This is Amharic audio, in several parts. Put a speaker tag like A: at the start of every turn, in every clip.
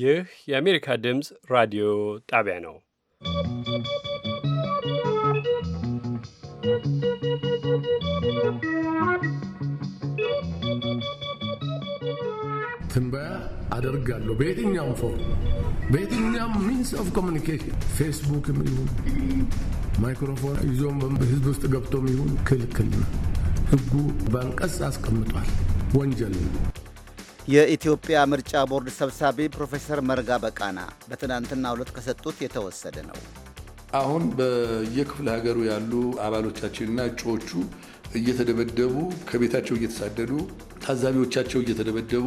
A: ይህ የአሜሪካ ድምፅ ራዲዮ ጣቢያ ነው።
B: ትንበያ አደርጋለሁ በየትኛውም ፎርም በየትኛውም ሚንስ ኦፍ ኮሚኒኬሽን ፌስቡክም ይሁን ማይክሮፎን ይዞም ህዝብ ውስጥ ገብቶም ይሁን ክልክል ነው። ህጉ በአንቀጽ አስቀምጧል። ወንጀል ነው።
C: የኢትዮጵያ ምርጫ ቦርድ ሰብሳቢ ፕሮፌሰር መርጋ በቃና በትናንትናው ዕለት ከሰጡት የተወሰደ ነው።
D: አሁን በየክፍለ ሀገሩ ያሉ አባሎቻችንና እጩዎቹ እየተደበደቡ ከቤታቸው እየተሳደዱ ታዛቢዎቻቸው እየተደበደቡ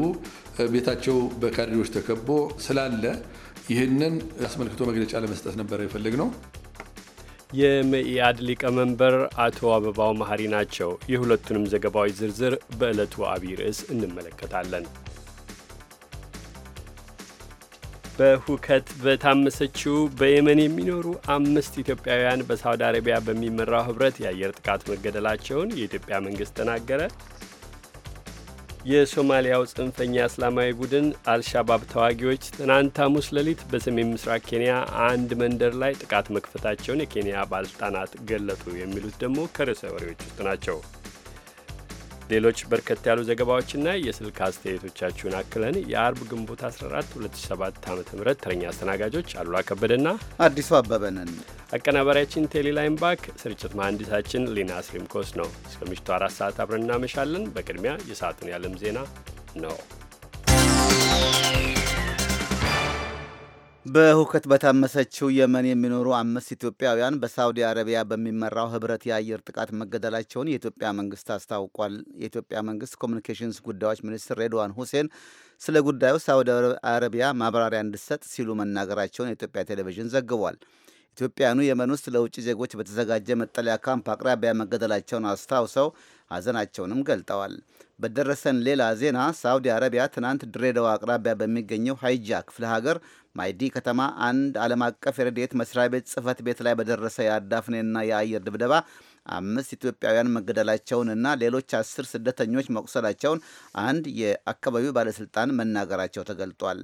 D: ቤታቸው በካድሬዎች ተከቦ ስላለ ይህንን አስመልክቶ መግለጫ ለመስጠት ነበር ነው።
A: የመኢአድ ሊቀመንበር አቶ አበባው መሀሪ ናቸው። የሁለቱንም ዘገባዎች ዝርዝር በዕለቱ አብይ ርዕስ እንመለከታለን። በሁከት በታመሰችው በየመን የሚኖሩ አምስት ኢትዮጵያውያን በሳውዲ አረቢያ በሚመራው ህብረት የአየር ጥቃት መገደላቸውን የኢትዮጵያ መንግሥት ተናገረ። የሶማሊያው ጽንፈኛ እስላማዊ ቡድን አልሻባብ ተዋጊዎች ትናንት ሐሙስ ሌሊት በሰሜን ምስራቅ ኬንያ አንድ መንደር ላይ ጥቃት መክፈታቸውን የኬንያ ባለስልጣናት ገለጡ። የሚሉት ደግሞ ከርዕሰ ወሬዎች ውስጥ ናቸው። ሌሎች በርከት ያሉ ዘገባዎችና የስልክ አስተያየቶቻችሁን አክለን የአርብ ግንቦት 14 2007 ዓ ም ተረኛ አስተናጋጆች አሉላ ከበደና አዲሱ አበበ አቀናባሪያችን ቴሌላይን ባክ ስርጭት መሐንዲሳችን ሊና ስሪምኮስ ነው። እስከ ምሽቱ አራት ሰዓት አብረን እናመሻለን። በቅድሚያ የሰዓቱን ያለም ዜና ነው።
C: በሁከት በታመሰችው የመን የሚኖሩ አምስት ኢትዮጵያውያን በሳውዲ አረቢያ በሚመራው ህብረት የአየር ጥቃት መገደላቸውን የኢትዮጵያ መንግስት አስታውቋል። የኢትዮጵያ መንግስት ኮሚኒኬሽንስ ጉዳዮች ሚኒስትር ሬድዋን ሁሴን ስለ ጉዳዩ ሳውዲ አረቢያ ማብራሪያ እንድሰጥ ሲሉ መናገራቸውን የኢትዮጵያ ቴሌቪዥን ዘግቧል። ኢትዮጵያኑ የመን ውስጥ ለውጭ ዜጎች በተዘጋጀ መጠለያ ካምፕ አቅራቢያ መገደላቸውን አስታውሰው ሐዘናቸውንም ገልጠዋል። በደረሰን ሌላ ዜና ሳውዲ አረቢያ ትናንት ድሬዳዋ አቅራቢያ በሚገኘው ሃይጃ ክፍለ ሀገር ማይዲ ከተማ አንድ ዓለም አቀፍ የረድኤት መስሪያ ቤት ጽህፈት ቤት ላይ በደረሰ የአዳፍኔና የአየር ድብደባ አምስት ኢትዮጵያውያን መገደላቸውንና ሌሎች አስር ስደተኞች መቁሰላቸውን አንድ የአካባቢው ባለስልጣን መናገራቸው ተገልጧል።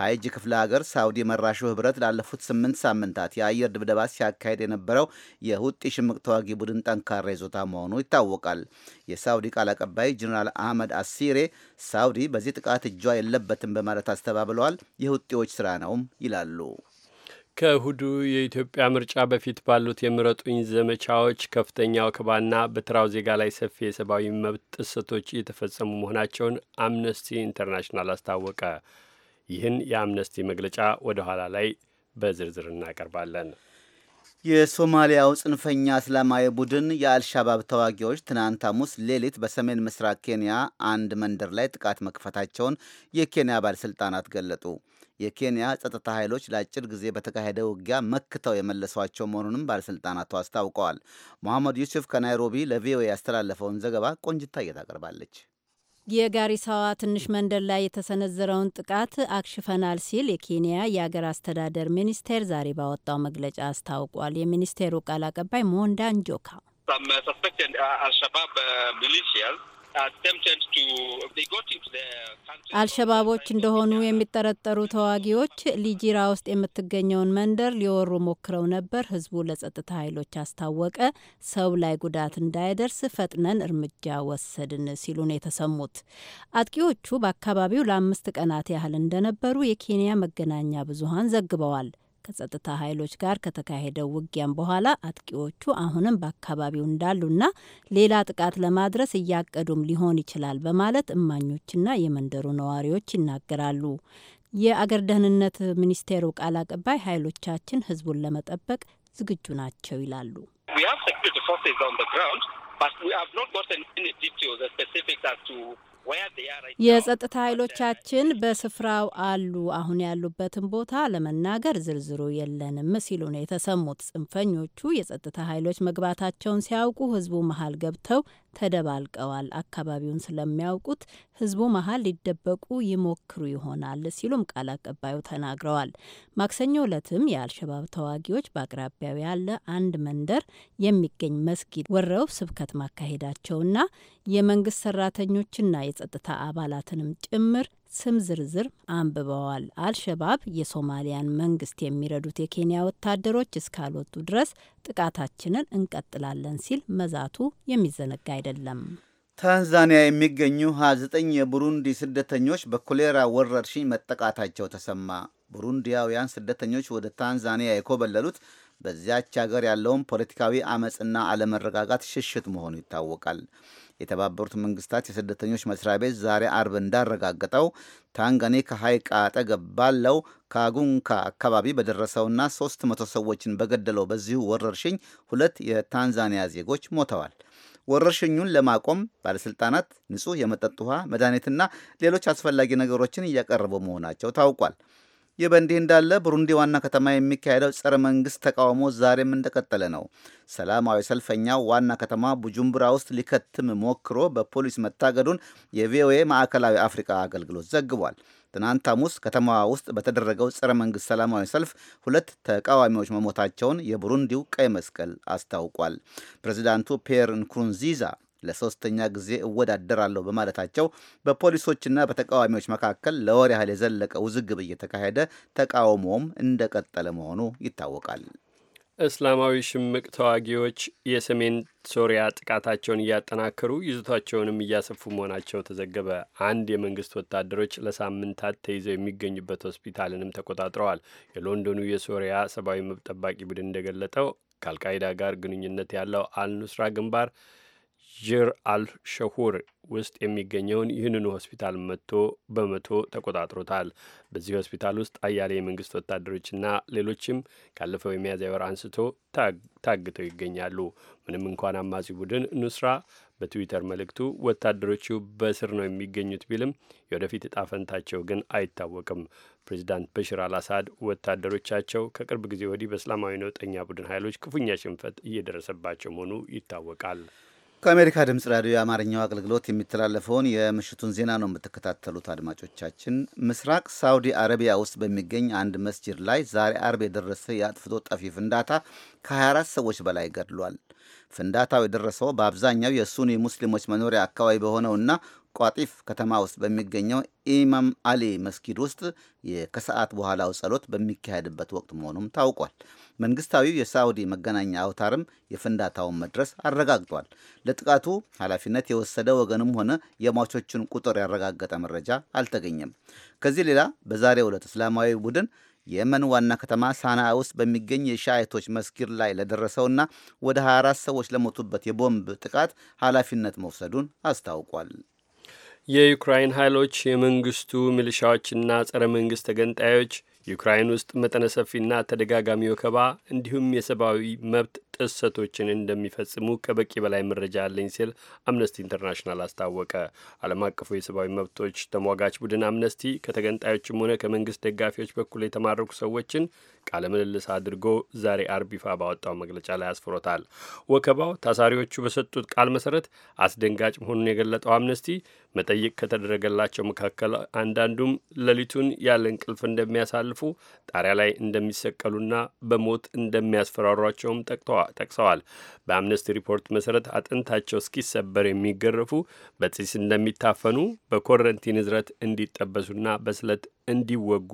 C: ሀይጅ ክፍለ ሀገር ሳውዲ መራሹ ህብረት ላለፉት ስምንት ሳምንታት የአየር ድብደባ ሲያካሄድ የነበረው የሁጢ ሽምቅ ተዋጊ ቡድን ጠንካራ ይዞታ መሆኑ ይታወቃል። የሳውዲ ቃል አቀባይ ጀኔራል አህመድ አሲሬ ሳውዲ በዚህ ጥቃት እጇ የለበትም በማለት አስተባብለዋል። የሁጢዎች ስራ ነውም ይላሉ።
A: ከእሁዱ የኢትዮጵያ ምርጫ በፊት ባሉት የምረጡኝ ዘመቻዎች ከፍተኛ ወከባና በተራው ዜጋ ላይ ሰፊ የሰብአዊ መብት ጥሰቶች እየተፈጸሙ መሆናቸውን አምነስቲ ኢንተርናሽናል አስታወቀ። ይህን የአምነስቲ መግለጫ ወደ ኋላ ላይ በዝርዝር እናቀርባለን።
C: የሶማሊያው ጽንፈኛ እስላማዊ ቡድን የአልሻባብ ተዋጊዎች ትናንት ሐሙስ ሌሊት በሰሜን ምስራቅ ኬንያ አንድ መንደር ላይ ጥቃት መክፈታቸውን የኬንያ ባለሥልጣናት ገለጡ። የኬንያ ጸጥታ ኃይሎች ለአጭር ጊዜ በተካሄደ ውጊያ መክተው የመለሷቸው መሆኑንም ባለሥልጣናቱ አስታውቀዋል። መሐመድ ዩሱፍ ከናይሮቢ ለቪኦኤ ያስተላለፈውን ዘገባ ቆንጅታ ታቀርባለች።
E: የጋሪሳዋ ትንሽ መንደር ላይ የተሰነዘረውን ጥቃት አክሽፈናል ሲል የኬንያ የአገር አስተዳደር ሚኒስቴር ዛሬ ባወጣው መግለጫ አስታውቋል። የሚኒስቴሩ ቃል አቀባይ ሞንዳን ጆካ አልሸባቦች እንደሆኑ የሚጠረጠሩ ተዋጊዎች ሊጂራ ውስጥ የምትገኘውን መንደር ሊወሩ ሞክረው ነበር። ህዝቡ ለጸጥታ ኃይሎች አስታወቀ። ሰው ላይ ጉዳት እንዳይደርስ ፈጥነን እርምጃ ወሰድን ሲሉ ነው የተሰሙት። አጥቂዎቹ በአካባቢው ለአምስት ቀናት ያህል እንደነበሩ የኬንያ መገናኛ ብዙሃን ዘግበዋል። ከጸጥታ ኃይሎች ጋር ከተካሄደው ውጊያም በኋላ አጥቂዎቹ አሁንም በአካባቢው እንዳሉና ሌላ ጥቃት ለማድረስ እያቀዱም ሊሆን ይችላል በማለት እማኞችና የመንደሩ ነዋሪዎች ይናገራሉ። የአገር ደህንነት ሚኒስቴሩ ቃል አቀባይ ኃይሎቻችን ህዝቡን ለመጠበቅ ዝግጁ ናቸው ይላሉ። የጸጥታ ኃይሎቻችን በስፍራው አሉ። አሁን ያሉበትን ቦታ ለመናገር ዝርዝሩ የለንም ሲሉ ነው የተሰሙት። ጽንፈኞቹ የጸጥታ ኃይሎች መግባታቸውን ሲያውቁ ህዝቡ መሀል ገብተው ተደባልቀዋል። አካባቢውን ስለሚያውቁት ህዝቡ መሀል ሊደበቁ ይሞክሩ ይሆናል ሲሉም ቃል አቀባዩ ተናግረዋል። ማክሰኞ ለትም የአልሸባብ ተዋጊዎች በአቅራቢያው ያለ አንድ መንደር የሚገኝ መስጊድ ወረው ስብከት ማካሄዳቸውና የመንግስት ሰራተኞችና የጸጥታ አባላትንም ጭምር ስም ዝርዝር አንብበዋል። አልሸባብ የሶማሊያን መንግስት የሚረዱት የኬንያ ወታደሮች እስካልወጡ ድረስ ጥቃታችንን እንቀጥላለን ሲል መዛቱ የሚዘነጋ አይደለም።
C: ታንዛኒያ የሚገኙ 29 የቡሩንዲ ስደተኞች በኮሌራ ወረርሽኝ መጠቃታቸው ተሰማ። ቡሩንዲያውያን ስደተኞች ወደ ታንዛኒያ የኮበለሉት በዚያች ሀገር ያለውን ፖለቲካዊ አመፅና አለመረጋጋት ሽሽት መሆኑ ይታወቃል። የተባበሩት መንግስታት የስደተኞች መስሪያ ቤት ዛሬ አርብ እንዳረጋገጠው ታንጋኒካ ሐይቅ አጠገብ ባለው ካጉንካ አካባቢ በደረሰውና 300 ሰዎችን በገደለው በዚሁ ወረርሽኝ ሁለት የታንዛኒያ ዜጎች ሞተዋል። ወረርሽኙን ለማቆም ባለሥልጣናት ንጹሕ የመጠጥ ውሃ፣ መድኃኒትና ሌሎች አስፈላጊ ነገሮችን እያቀረቡ መሆናቸው ታውቋል። ይህ በእንዲህ እንዳለ ቡሩንዲ ዋና ከተማ የሚካሄደው ጸረ መንግስት ተቃውሞ ዛሬም እንደቀጠለ ነው። ሰላማዊ ሰልፈኛው ዋና ከተማ ቡጁምቡራ ውስጥ ሊከትም ሞክሮ በፖሊስ መታገዱን የቪኦኤ ማዕከላዊ አፍሪካ አገልግሎት ዘግቧል። ትናንት ሐሙስ ከተማዋ ውስጥ በተደረገው ጸረ መንግስት ሰላማዊ ሰልፍ ሁለት ተቃዋሚዎች መሞታቸውን የቡሩንዲው ቀይ መስቀል አስታውቋል። ፕሬዚዳንቱ ፒየር ንኩሩንዚዛ ለሶስተኛ ጊዜ እወዳደራለሁ በማለታቸው በፖሊሶችና በተቃዋሚዎች መካከል ለወር ያህል የዘለቀ ውዝግብ እየተካሄደ ተቃውሞውም እንደቀጠለ መሆኑ ይታወቃል።
A: እስላማዊ ሽምቅ ተዋጊዎች የሰሜን ሶሪያ ጥቃታቸውን እያጠናከሩ ይዞታቸውንም እያሰፉ መሆናቸው ተዘገበ። አንድ የመንግስት ወታደሮች ለሳምንታት ተይዘው የሚገኙበት ሆስፒታልንም ተቆጣጥረዋል። የሎንዶኑ የሶሪያ ሰብአዊ መብት ጠባቂ ቡድን እንደገለጠው ከአልቃይዳ ጋር ግንኙነት ያለው አልኑስራ ግንባር ጅር አልሸሁር ውስጥ የሚገኘውን ይህንኑ ሆስፒታል መጥቶ በመቶ ተቆጣጥሮታል። በዚህ ሆስፒታል ውስጥ አያሌ የመንግስት ወታደሮችና ሌሎችም ካለፈው የሚያዝያ ወር አንስቶ ታግተው ይገኛሉ። ምንም እንኳን አማጺ ቡድን ኑስራ በትዊተር መልእክቱ ወታደሮቹ በስር ነው የሚገኙት ቢልም የወደፊት እጣ ፈንታቸው ግን አይታወቅም። ፕሬዚዳንት በሽር አልአሳድ ወታደሮቻቸው ከቅርብ ጊዜ ወዲህ በእስላማዊ ነውጠኛ ቡድን ኃይሎች ክፉኛ ሽንፈት እየደረሰባቸው መሆኑ ይታወቃል።
C: ከአሜሪካ ድምፅ ራዲዮ የአማርኛው አገልግሎት የሚተላለፈውን የምሽቱን ዜና ነው የምትከታተሉት አድማጮቻችን። ምስራቅ ሳውዲ አረቢያ ውስጥ በሚገኝ አንድ መስጂድ ላይ ዛሬ አርብ የደረሰ የአጥፍቶ ጠፊ ፍንዳታ ከ24 ሰዎች በላይ ገድሏል። ፍንዳታው የደረሰው በአብዛኛው የሱኒ ሙስሊሞች መኖሪያ አካባቢ በሆነውና ቋጢፍ ከተማ ውስጥ በሚገኘው ኢማም አሊ መስጊድ ውስጥ ከሰዓት በኋላው ጸሎት በሚካሄድበት ወቅት መሆኑም ታውቋል። መንግስታዊው የሳዑዲ መገናኛ አውታርም የፍንዳታውን መድረስ አረጋግጧል። ለጥቃቱ ኃላፊነት የወሰደ ወገንም ሆነ የሟቾችን ቁጥር ያረጋገጠ መረጃ አልተገኘም። ከዚህ ሌላ በዛሬው ዕለት እስላማዊ ቡድን የየመን ዋና ከተማ ሳና ውስጥ በሚገኝ የሻይቶች መስጊድ ላይ ለደረሰውና ወደ 24 ሰዎች ለሞቱበት የቦምብ ጥቃት ኃላፊነት መውሰዱን
A: አስታውቋል። የዩክራይን ኃይሎች የመንግስቱ ሚሊሻዎችና ጸረ መንግስት ተገንጣዮች ዩክራይን ውስጥ መጠነ ሰፊና ተደጋጋሚ ወከባ እንዲሁም የሰብአዊ መብት ጥሰቶችን እንደሚፈጽሙ ከበቂ በላይ መረጃ አለኝ ሲል አምነስቲ ኢንተርናሽናል አስታወቀ። ዓለም አቀፉ የሰብአዊ መብቶች ተሟጋች ቡድን አምነስቲ ከተገንጣዮችም ሆነ ከመንግስት ደጋፊዎች በኩል የተማረኩ ሰዎችን ቃለ ምልልስ አድርጎ ዛሬ አርብ ይፋ ባወጣው መግለጫ ላይ አስፍሮታል። ወከባው ታሳሪዎቹ በሰጡት ቃል መሰረት አስደንጋጭ መሆኑን የገለጠው አምነስቲ መጠይቅ ከተደረገላቸው መካከል አንዳንዱም ሌሊቱን ያለ እንቅልፍ እንደሚያሳልፉ ጣሪያ ላይ እንደሚሰቀሉና በሞት እንደሚያስፈራሯቸውም ጠቅተዋል። ጠቅሰዋል። በአምነስቲ ሪፖርት መሰረት አጥንታቸው እስኪሰበር የሚገረፉ በጢስ እንደሚታፈኑ በኮረንቲ ንዝረት እንዲጠበሱና በስለት እንዲወጉ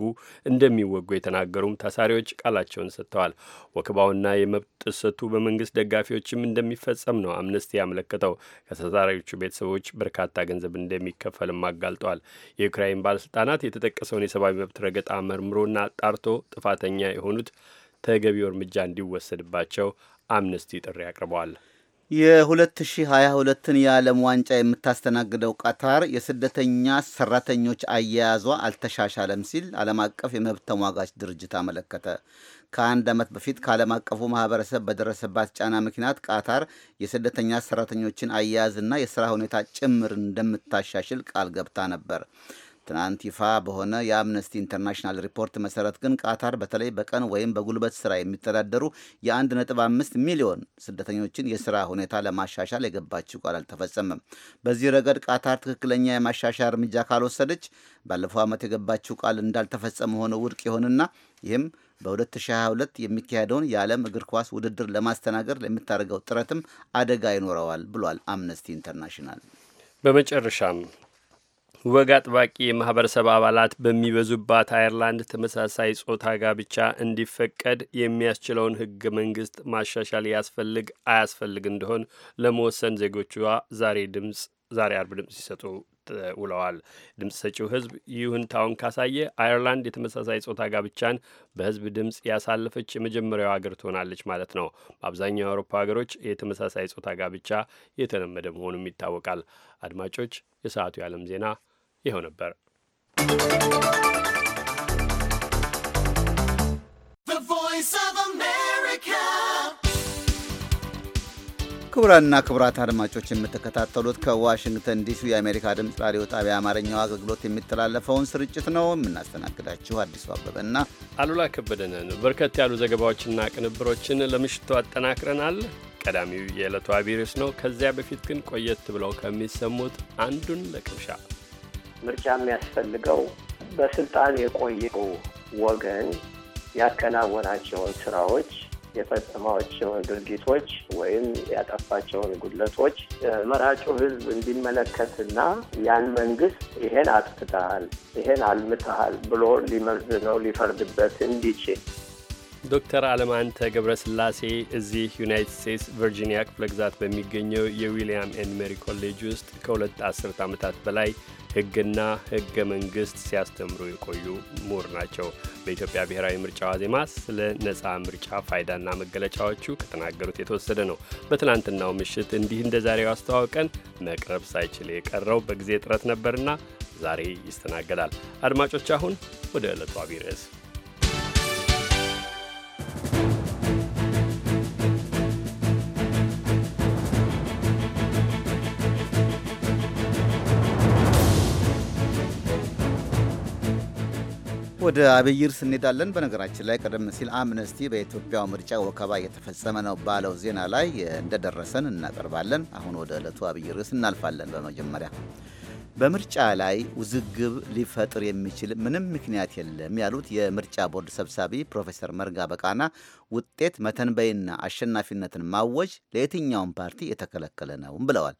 A: እንደሚወጉ የተናገሩም ታሳሪዎች ቃላቸውን ሰጥተዋል። ወከባውና የመብት ጥሰቱ በመንግስት ደጋፊዎችም እንደሚፈጸም ነው አምነስቲ ያመለከተው። ከታሳሪዎቹ ቤተሰቦች በርካታ ገንዘብ እንደሚከፈልም አጋልጠዋል። የዩክራይን ባለስልጣናት የተጠቀሰውን የሰብአዊ መብት ረገጣ መርምሮና ጣርቶ ጥፋተኛ የሆኑት ተገቢው እርምጃ እንዲወሰድባቸው አምነስቲ ጥሪ አቅርበዋል።
C: የ2022ን የዓለም ዋንጫ የምታስተናግደው ቀታር የስደተኛ ሰራተኞች አያያዟ አልተሻሻለም ሲል ዓለም አቀፍ የመብት ተሟጋች ድርጅት አመለከተ። ከአንድ ዓመት በፊት ከዓለም አቀፉ ማህበረሰብ በደረሰባት ጫና ምክንያት ቃታር የስደተኛ ሰራተኞችን አያያዝና የሥራ ሁኔታ ጭምር እንደምታሻሽል ቃል ገብታ ነበር። ትናንት ይፋ በሆነ የአምነስቲ ኢንተርናሽናል ሪፖርት መሰረት ግን ቃታር በተለይ በቀን ወይም በጉልበት ስራ የሚተዳደሩ የ1.5 ሚሊዮን ስደተኞችን የስራ ሁኔታ ለማሻሻል የገባችው ቃል አልተፈጸመም። በዚህ ረገድ ቃታር ትክክለኛ የማሻሻያ እርምጃ ካልወሰደች ባለፈው ዓመት የገባችው ቃል እንዳልተፈጸመ ሆነ ውድቅ ይሆንና ይህም በ2022 የሚካሄደውን የዓለም እግር ኳስ ውድድር ለማስተናገድ ለምታደርገው ጥረትም አደጋ ይኖረዋል ብሏል አምነስቲ ኢንተርናሽናል።
A: በመጨረሻም ወግ አጥባቂ የማህበረሰብ አባላት በሚበዙባት አየርላንድ ተመሳሳይ ጾታ ጋብቻ እንዲፈቀድ የሚያስችለውን ህገ መንግስት ማሻሻል ያስፈልግ አያስፈልግ እንደሆን ለመወሰን ዜጎቿ ዛሬ ድምጽ ዛሬ አርብ ድምጽ ሲሰጡ ውለዋል። ድምፅ ሰጪው ህዝብ ይሁንታውን ካሳየ አየርላንድ የተመሳሳይ ጾታ ጋብቻን በህዝብ ድምፅ ያሳለፈች የመጀመሪያው ሀገር ትሆናለች ማለት ነው። በአብዛኛው የአውሮፓ ሀገሮች የተመሳሳይ ጾታ ጋብቻ የተለመደ መሆኑም ይታወቃል። አድማጮች፣ የሰዓቱ የዓለም ዜና ይኸው ነበር።
C: ክቡራንና ክቡራት አድማጮች የምትከታተሉት ከዋሽንግተን ዲሲ የአሜሪካ ድምፅ ራዲዮ ጣቢያ አማርኛው አገልግሎት የሚተላለፈውን ስርጭት ነው። የምናስተናግዳችሁ አዲሱ አበበና
A: አሉላ ከበደንን። በርከት ያሉ ዘገባዎችና ቅንብሮችን ለምሽቱ አጠናክረናል። ቀዳሚው የዕለቱ አቢርስ ነው። ከዚያ በፊት ግን ቆየት ብለው ከሚሰሙት አንዱን ለቅምሻ
F: ምርጫ የሚያስፈልገው በስልጣን የቆየው ወገን ያከናወናቸውን ስራዎች የፈጸማቸውን ድርጊቶች ወይም ያጠፋቸውን ጉድለቶች መራጩ ህዝብ እንዲመለከትና ያን መንግስት ይሄን አጥፍተሃል፣ ይሄን አልምተሃል ብሎ ሊመዝነው ሊፈርድበት እንዲችል
A: ዶክተር አለማንተ ገብረስላሴ እዚህ ዩናይትድ ስቴትስ ቨርጂኒያ ክፍለ ግዛት በሚገኘው የዊሊያም ኤንድ ሜሪ ኮሌጅ ውስጥ ከሁለት አስርት ዓመታት በላይ ሕግና ሕገ መንግሥት ሲያስተምሩ የቆዩ ምሁር ናቸው። በኢትዮጵያ ብሔራዊ ምርጫ ዋዜማ ስለ ነፃ ምርጫ ፋይዳና መገለጫዎቹ ከተናገሩት የተወሰደ ነው። በትናንትናው ምሽት እንዲህ እንደ ዛሬው አስተዋውቀን መቅረብ ሳይችል የቀረው በጊዜ እጥረት ነበርና ዛሬ ይስተናገዳል። አድማጮች አሁን ወደ ዕለቱ አቢይ ርዕስ
C: ወደ አብይ ርዕስ እንሄዳለን። በነገራችን ላይ ቀደም ሲል አምነስቲ በኢትዮጵያው ምርጫ ወከባ እየተፈጸመ ነው ባለው ዜና ላይ እንደደረሰን እናቀርባለን። አሁን ወደ ዕለቱ አብይ ርዕስ እናልፋለን። በመጀመሪያ በምርጫ ላይ ውዝግብ ሊፈጥር የሚችል ምንም ምክንያት የለም ያሉት የምርጫ ቦርድ ሰብሳቢ ፕሮፌሰር መርጋ በቃና ውጤት መተንበይና አሸናፊነትን ማወጅ ለየትኛውም ፓርቲ የተከለከለ ነው ብለዋል።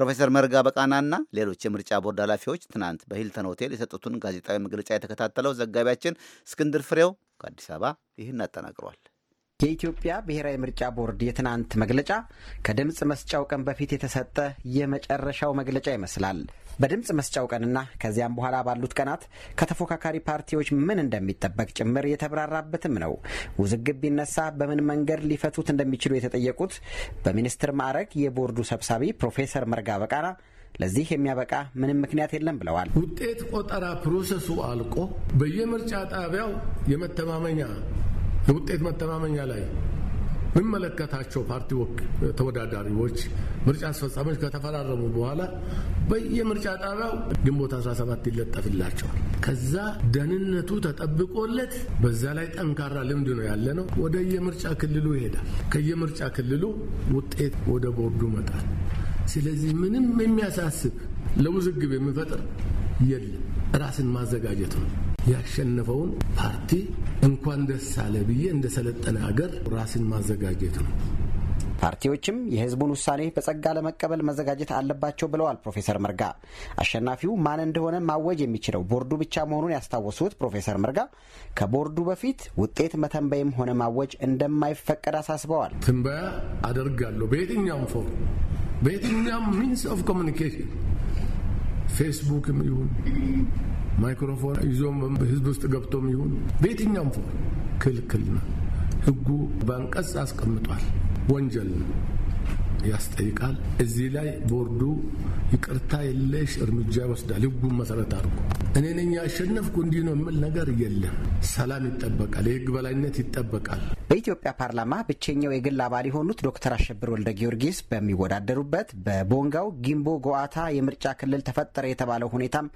C: ፕሮፌሰር መርጋ በቃናና ሌሎች የምርጫ ቦርድ ኃላፊዎች ትናንት በሂልተን ሆቴል የሰጡትን ጋዜጣዊ መግለጫ የተከታተለው ዘጋቢያችን
G: እስክንድር ፍሬው ከአዲስ አበባ ይህን አጠናቅሯል። የኢትዮጵያ ብሔራዊ ምርጫ ቦርድ የትናንት መግለጫ ከድምፅ መስጫው ቀን በፊት የተሰጠ የመጨረሻው መግለጫ ይመስላል። በድምፅ መስጫው ቀንና ከዚያም በኋላ ባሉት ቀናት ከተፎካካሪ ፓርቲዎች ምን እንደሚጠበቅ ጭምር የተብራራበትም ነው። ውዝግብ ቢነሳ በምን መንገድ ሊፈቱት እንደሚችሉ የተጠየቁት በሚኒስትር ማዕረግ የቦርዱ ሰብሳቢ ፕሮፌሰር መርጋ በቃና ለዚህ የሚያበቃ ምንም ምክንያት የለም ብለዋል።
B: ውጤት ቆጠራ ፕሮሰሱ አልቆ በየምርጫ ጣቢያው የመተማመኛ የውጤት መተማመኛ ላይ የምመለከታቸው ፓርቲ ተወዳዳሪዎች ምርጫ አስፈጻሚዎች ከተፈራረሙ በኋላ በየምርጫ ጣቢያው ግንቦት 17 ይለጠፍላቸዋል። ከዛ ደህንነቱ ተጠብቆለት በዛ ላይ ጠንካራ ልምድ ነው ያለ ነው። ወደ የምርጫ ክልሉ ይሄዳል። ከየምርጫ ክልሉ ውጤት ወደ ቦርዱ መጣል። ስለዚህ ምንም የሚያሳስብ ለውዝግብ የሚፈጥር የለም። ራስን ማዘጋጀት ነው። ያሸነፈውን ፓርቲ እንኳን ደስ አለ ብዬ እንደ ሰለጠነ ሀገር ራስን ማዘጋጀት ነው።
G: ፓርቲዎችም የህዝቡን ውሳኔ በጸጋ ለመቀበል መዘጋጀት አለባቸው ብለዋል ፕሮፌሰር መርጋ። አሸናፊው ማን እንደሆነ ማወጅ የሚችለው ቦርዱ ብቻ መሆኑን ያስታወሱት ፕሮፌሰር መርጋ ከቦርዱ በፊት ውጤት መተንበይም ሆነ ማወጅ እንደማይፈቀድ አሳስበዋል።
B: ትንበያ አደርጋለሁ በየትኛውም ፎር በየትኛውም ሚንስ ኦፍ ኮሚኒኬሽን ፌስቡክም ይሁን ማይክሮፎን ይዞም ህዝብ ውስጥ ገብቶም ይሁን በየትኛውም ፎ ክልክል ነው። ህጉ በአንቀጽ አስቀምጧል። ወንጀል ነው። ያስጠይቃል። እዚህ ላይ ቦርዱ ይቅርታ የለሽ እርምጃ ይወስዳል። ህጉን መሰረት አድርጎ እኔ ነኝ ያሸነፍኩ እንዲህ ነው የምል ነገር የለም። ሰላም ይጠበቃል፣ የህግ በላይነት ይጠበቃል። በኢትዮጵያ ፓርላማ ብቸኛው የግል አባል
G: የሆኑት ዶክተር አሸብር ወልደ ጊዮርጊስ በሚወዳደሩበት በቦንጋው ጊምቦ ጎአታ የምርጫ ክልል ተፈጠረ የተባለው ሁኔታም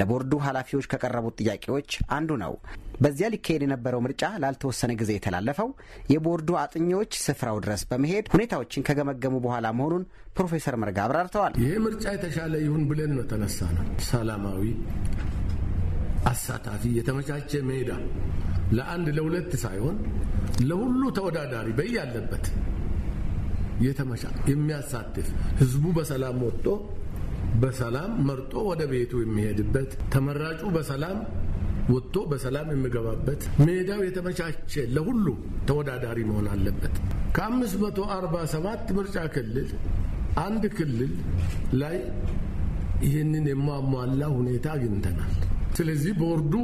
G: ለቦርዱ ኃላፊዎች ከቀረቡት ጥያቄዎች አንዱ ነው። በዚያ ሊካሄድ የነበረው ምርጫ ላልተወሰነ ጊዜ የተላለፈው የቦርዱ አጥኚዎች ስፍራው ድረስ በመሄድ ሁኔታዎችን ከገመገሙ በኋላ መሆኑን ፕሮፌሰር መርጋ
B: አብራርተዋል። ይህ ምርጫ የተሻለ ይሁን ብለን ነው ተነሳ ነው። ሰላማዊ፣ አሳታፊ፣ የተመቻቸ ሜዳ ለአንድ ለሁለት ሳይሆን ለሁሉ ተወዳዳሪ በያለበት የተመቻ የሚያሳትፍ ህዝቡ በሰላም ወጥቶ በሰላም መርጦ ወደ ቤቱ የሚሄድበት ተመራጩ በሰላም ወጥቶ በሰላም የሚገባበት ሜዳው የተመቻቸ ለሁሉ ተወዳዳሪ መሆን አለበት። ከ547 ምርጫ ክልል አንድ ክልል ላይ ይህንን የማሟላ ሁኔታ አግኝተናል። ስለዚህ ቦርዱ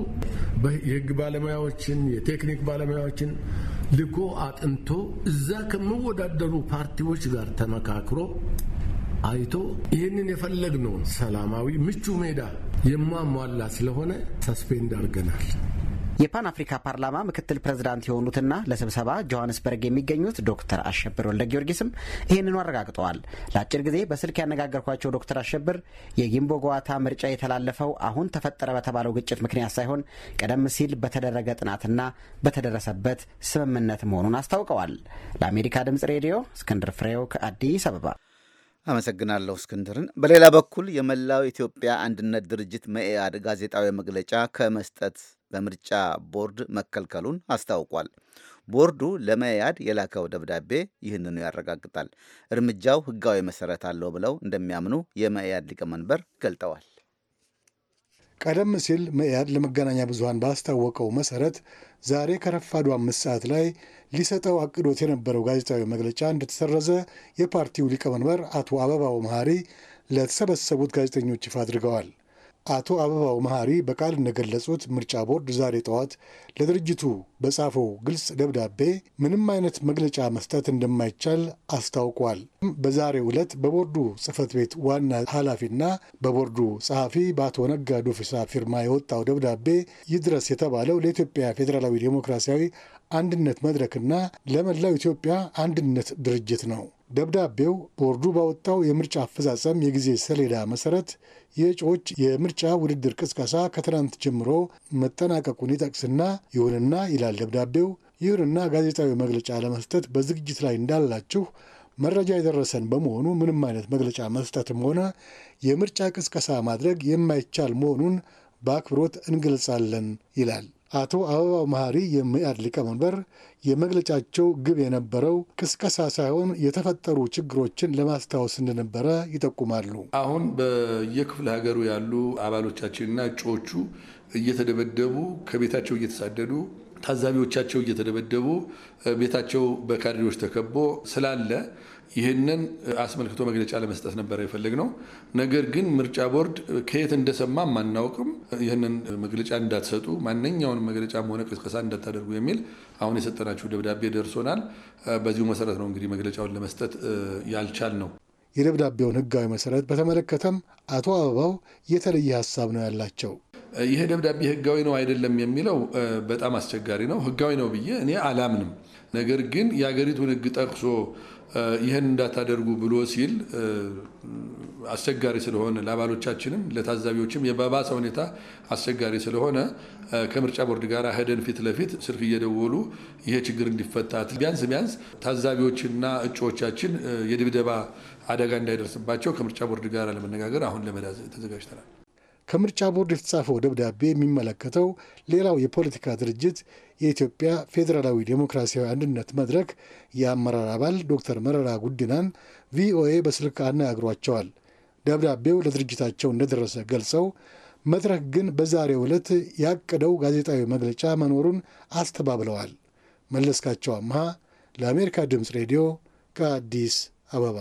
B: የህግ ባለሙያዎችን የቴክኒክ ባለሙያዎችን ልኮ አጥንቶ እዛ ከሚወዳደሩ ፓርቲዎች ጋር ተመካክሮ አይቶ ይህንን የፈለግነውን ሰላማዊ ምቹ ሜዳ የማሟላ ስለሆነ ሰስፔንድ አድርገናል።
G: የፓን አፍሪካ ፓርላማ ምክትል ፕሬዝዳንት የሆኑትና ለስብሰባ ጆሀንስበርግ የሚገኙት ዶክተር አሸብር ወልደ ጊዮርጊስም ይህንኑ አረጋግጠዋል። ለአጭር ጊዜ በስልክ ያነጋገርኳቸው ዶክተር አሸብር የጊምቦ ጓዋታ ምርጫ የተላለፈው አሁን ተፈጠረ በተባለው ግጭት ምክንያት ሳይሆን ቀደም ሲል በተደረገ ጥናትና በተደረሰበት ስምምነት መሆኑን አስታውቀዋል። ለአሜሪካ ድምጽ ሬዲዮ እስክንድር ፍሬው ከአዲስ አበባ
C: አመሰግናለሁ እስክንድርን። በሌላ በኩል የመላው ኢትዮጵያ አንድነት ድርጅት መኢአድ ጋዜጣዊ መግለጫ ከመስጠት በምርጫ ቦርድ መከልከሉን አስታውቋል። ቦርዱ ለመኢአድ የላከው ደብዳቤ ይህንኑ ያረጋግጣል። እርምጃው ሕጋዊ መሠረት አለው ብለው እንደሚያምኑ የመኢአድ ሊቀመንበር ገልጠዋል።
H: ቀደም ሲል መኢአድ ለመገናኛ ብዙሀን ባስታወቀው መሰረት ዛሬ ከረፋዱ አምስት ሰዓት ላይ ሊሰጠው አቅዶት የነበረው ጋዜጣዊ መግለጫ እንደተሰረዘ የፓርቲው ሊቀመንበር አቶ አበባው መሀሪ ለተሰበሰቡት ጋዜጠኞች ይፋ አድርገዋል። አቶ አበባው መሐሪ በቃል እንደገለጹት ምርጫ ቦርድ ዛሬ ጠዋት ለድርጅቱ በጻፈው ግልጽ ደብዳቤ ምንም አይነት መግለጫ መስጠት እንደማይቻል አስታውቋል። በዛሬው ዕለት በቦርዱ ጽህፈት ቤት ዋና ኃላፊና በቦርዱ ጸሐፊ በአቶ ነጋ ዶፊሳ ፊርማ የወጣው ደብዳቤ ይድረስ የተባለው ለኢትዮጵያ ፌዴራላዊ ዴሞክራሲያዊ አንድነት መድረክና ለመላው ኢትዮጵያ አንድነት ድርጅት ነው። ደብዳቤው ቦርዱ ባወጣው የምርጫ አፈጻጸም የጊዜ ሰሌዳ መሰረት የእጩዎች የምርጫ ውድድር ቅስቀሳ ከትናንት ጀምሮ መጠናቀቁን ይጠቅስና ይሁንና ይላል ደብዳቤው፣ ይሁንና ጋዜጣዊ መግለጫ ለመስጠት በዝግጅት ላይ እንዳላችሁ መረጃ የደረሰን በመሆኑ ምንም አይነት መግለጫ መስጠትም ሆነ የምርጫ ቅስቀሳ ማድረግ የማይቻል መሆኑን በአክብሮት እንገልጻለን ይላል። አቶ አበባው መሐሪ የመኢአድ ሊቀመንበር የመግለጫቸው ግብ የነበረው ቅስቀሳ ሳይሆን የተፈጠሩ ችግሮችን ለማስታወስ እንደነበረ ይጠቁማሉ።
D: አሁን በየክፍለ ሀገሩ ያሉ አባሎቻችንና እጩዎቹ እየተደበደቡ ከቤታቸው እየተሳደዱ ታዛቢዎቻቸው እየተደበደቡ ቤታቸው በካድሬዎች ተከቦ ስላለ ይህንን አስመልክቶ መግለጫ ለመስጠት ነበር ነው። ነገር ግን ምርጫ ቦርድ ከየት እንደሰማም አናውቅም፣ ይህንን መግለጫ እንዳትሰጡ፣ ማንኛውንም መግለጫም ሆነ ቅስቀሳ እንዳታደርጉ የሚል አሁን የሰጠናችሁ ደብዳቤ ደርሶናል። በዚሁ መሰረት ነው እንግዲህ መግለጫውን ለመስጠት ያልቻል ነው።
H: የደብዳቤውን ህጋዊ መሰረት በተመለከተም አቶ አበባው የተለየ ሀሳብ ነው ያላቸው።
D: ይሄ ደብዳቤ ህጋዊ ነው አይደለም የሚለው በጣም አስቸጋሪ ነው። ህጋዊ ነው ብዬ እኔ አላምንም። ነገር ግን የአገሪቱን ህግ ጠቅሶ ይህን እንዳታደርጉ ብሎ ሲል አስቸጋሪ ስለሆነ ለአባሎቻችንም ለታዛቢዎችም የባባሰ ሁኔታ አስቸጋሪ ስለሆነ ከምርጫ ቦርድ ጋር ሄደን ፊት ለፊት ስልክ እየደወሉ ይሄ ችግር እንዲፈታ ቢያንስ ቢያንስ ታዛቢዎችና እጩዎቻችን የድብደባ አደጋ እንዳይደርስባቸው ከምርጫ ቦርድ ጋር ለመነጋገር አሁን ለመዳዝ ተዘጋጅተናል።
H: ከምርጫ ቦርድ የተጻፈው ደብዳቤ የሚመለከተው ሌላው የፖለቲካ ድርጅት የኢትዮጵያ ፌዴራላዊ ዴሞክራሲያዊ አንድነት መድረክ የአመራር አባል ዶክተር መረራ ጉዲናን ቪኦኤ በስልክ አነጋግሯቸዋል። ደብዳቤው ለድርጅታቸው እንደደረሰ ገልጸው መድረክ ግን በዛሬ ዕለት ያቀደው ጋዜጣዊ መግለጫ መኖሩን አስተባብለዋል። መለስካቸው አምሃ ለአሜሪካ ድምፅ ሬዲዮ ከአዲስ አበባ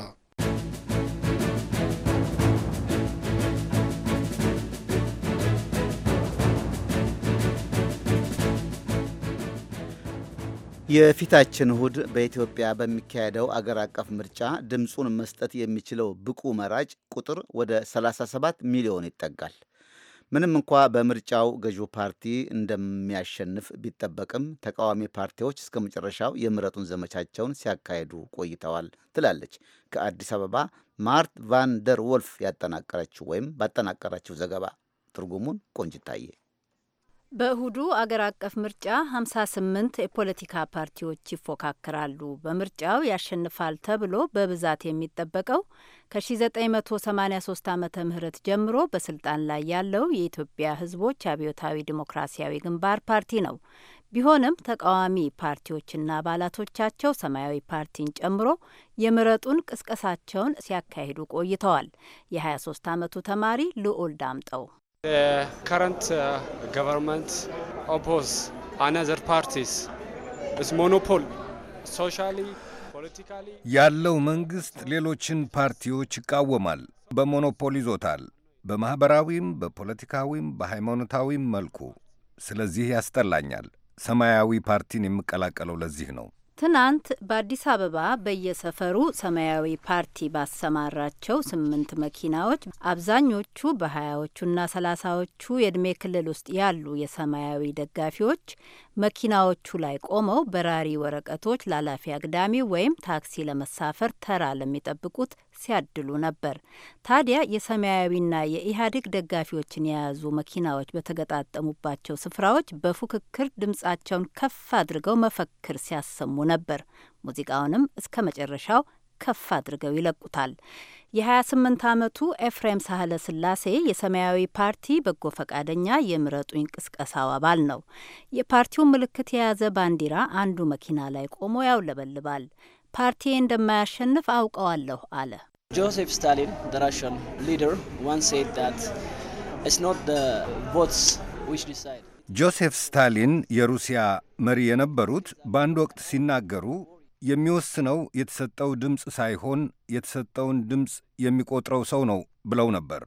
C: የፊታችን እሁድ በኢትዮጵያ በሚካሄደው አገር አቀፍ ምርጫ ድምፁን መስጠት የሚችለው ብቁ መራጭ ቁጥር ወደ 37 ሚሊዮን ይጠጋል። ምንም እንኳ በምርጫው ገዢው ፓርቲ እንደሚያሸንፍ ቢጠበቅም ተቃዋሚ ፓርቲዎች እስከ መጨረሻው የምረጡን ዘመቻቸውን ሲያካሂዱ ቆይተዋል ትላለች ከአዲስ አበባ ማርት ቫን ደር ወልፍ ያጠናቀረችው ወይም ባጠናቀረችው ዘገባ ትርጉሙን ቆንጅታዬ
E: በእሁዱ አገር አቀፍ ምርጫ 58 የፖለቲካ ፓርቲዎች ይፎካከራሉ። በምርጫው ያሸንፋል ተብሎ በብዛት የሚጠበቀው ከ1983 ዓመተ ምህረት ጀምሮ በስልጣን ላይ ያለው የኢትዮጵያ ሕዝቦች አብዮታዊ ዲሞክራሲያዊ ግንባር ፓርቲ ነው። ቢሆንም ተቃዋሚ ፓርቲዎችና አባላቶቻቸው ሰማያዊ ፓርቲን ጨምሮ የምረጡን ቅስቀሳቸውን ሲያካሂዱ ቆይተዋል። የ23 ዓመቱ ተማሪ ልዑል ዳምጠው
A: ከረንት uh, government oppose ፓርቲስ parties is monopoly socially
I: ያለው መንግስት ሌሎችን ፓርቲዎች ይቃወማል፣ በሞኖፖል ይዞታል፣ በማኅበራዊም በፖለቲካዊም በሃይማኖታዊም መልኩ። ስለዚህ ያስጠላኛል። ሰማያዊ ፓርቲን የምቀላቀለው ለዚህ ነው።
E: ትናንት በአዲስ አበባ በየሰፈሩ ሰማያዊ ፓርቲ ባሰማራቸው ስምንት መኪናዎች አብዛኞቹ በሀያዎቹና ሰላሳዎቹ የእድሜ ክልል ውስጥ ያሉ የሰማያዊ ደጋፊዎች መኪናዎቹ ላይ ቆመው በራሪ ወረቀቶች ላላፊ አግዳሚ ወይም ታክሲ ለመሳፈር ተራ ለሚጠብቁት ሲያድሉ ነበር። ታዲያ የሰማያዊና የኢህአዴግ ደጋፊዎችን የያዙ መኪናዎች በተገጣጠሙባቸው ስፍራዎች በፉክክር ድምጻቸውን ከፍ አድርገው መፈክር ሲያሰሙ ነበር። ሙዚቃውንም እስከ መጨረሻው ከፍ አድርገው ይለቁታል። የ28 ዓመቱ ኤፍሬም ሳህለ ስላሴ የሰማያዊ ፓርቲ በጎ ፈቃደኛ የምረጡኝ ቅስቀሳው አባል ነው። የፓርቲው ምልክት የያዘ ባንዲራ አንዱ መኪና ላይ ቆሞ ያውለበልባል። ፓርቲ እንደማያሸንፍ አውቀዋለሁ አለ። ጆሴፍ ስታሊን ራሽን ሊደር ዋን ሴድ ዳት ኢትስ ኖት ዘ ቮትስ ዊች ዲሳይድ
I: ጆሴፍ ስታሊን የሩሲያ መሪ የነበሩት በአንድ ወቅት ሲናገሩ የሚወስነው የተሰጠው ድምፅ ሳይሆን የተሰጠውን ድምፅ የሚቆጥረው ሰው ነው ብለው ነበር።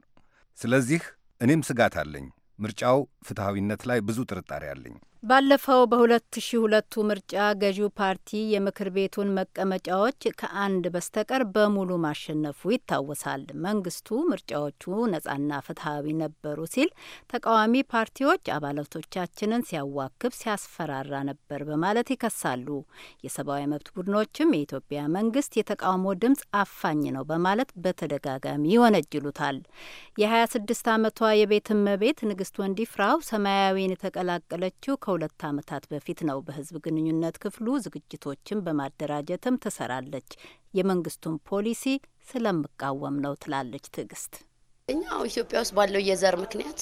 I: ስለዚህ እኔም ስጋት አለኝ። ምርጫው ፍትሐዊነት ላይ ብዙ ጥርጣሬ አለኝ።
E: ባለፈው በ2002ቱ ምርጫ ገዢው ፓርቲ የምክር ቤቱን መቀመጫዎች ከአንድ በስተቀር በሙሉ ማሸነፉ ይታወሳል። መንግስቱ ምርጫዎቹ ነጻና ፍትሐዊ ነበሩ ሲል ተቃዋሚ ፓርቲዎች አባላቶቻችንን ሲያዋክብ፣ ሲያስፈራራ ነበር በማለት ይከሳሉ። የሰብአዊ መብት ቡድኖችም የኢትዮጵያ መንግስት የተቃውሞ ድምፅ አፋኝ ነው በማለት በተደጋጋሚ ይወነጅሉታል። የ26 ዓመቷ የቤት እመቤት ንግስት ወንዲ ፍራው ሰማያዊን የተቀላቀለችው ከሁለት ዓመታት በፊት ነው። በህዝብ ግንኙነት ክፍሉ ዝግጅቶችን በማደራጀትም ትሰራለች። የመንግስቱን ፖሊሲ ስለምቃወም ነው ትላለች ትዕግስት። እኛው ኢትዮጵያ ውስጥ ባለው የዘር ምክንያት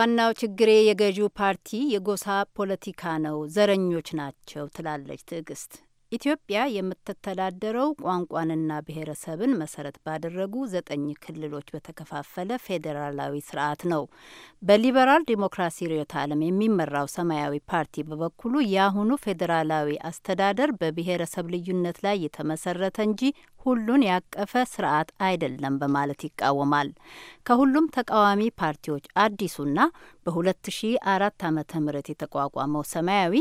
E: ዋናው ችግሬ የገዢው ፓርቲ የጎሳ ፖለቲካ ነው፣ ዘረኞች ናቸው ትላለች ትዕግስት። ኢትዮጵያ የምትተዳደረው ቋንቋንና ብሔረሰብን መሰረት ባደረጉ ዘጠኝ ክልሎች በተከፋፈለ ፌዴራላዊ ስርዓት ነው። በሊበራል ዲሞክራሲ ርዕዮተ ዓለም የሚመራው ሰማያዊ ፓርቲ በበኩሉ የአሁኑ ፌዴራላዊ አስተዳደር በብሔረሰብ ልዩነት ላይ የተመሰረተ እንጂ ሁሉን ያቀፈ ስርዓት አይደለም በማለት ይቃወማል። ከሁሉም ተቃዋሚ ፓርቲዎች አዲሱና በ2004 ዓ ም የተቋቋመው ሰማያዊ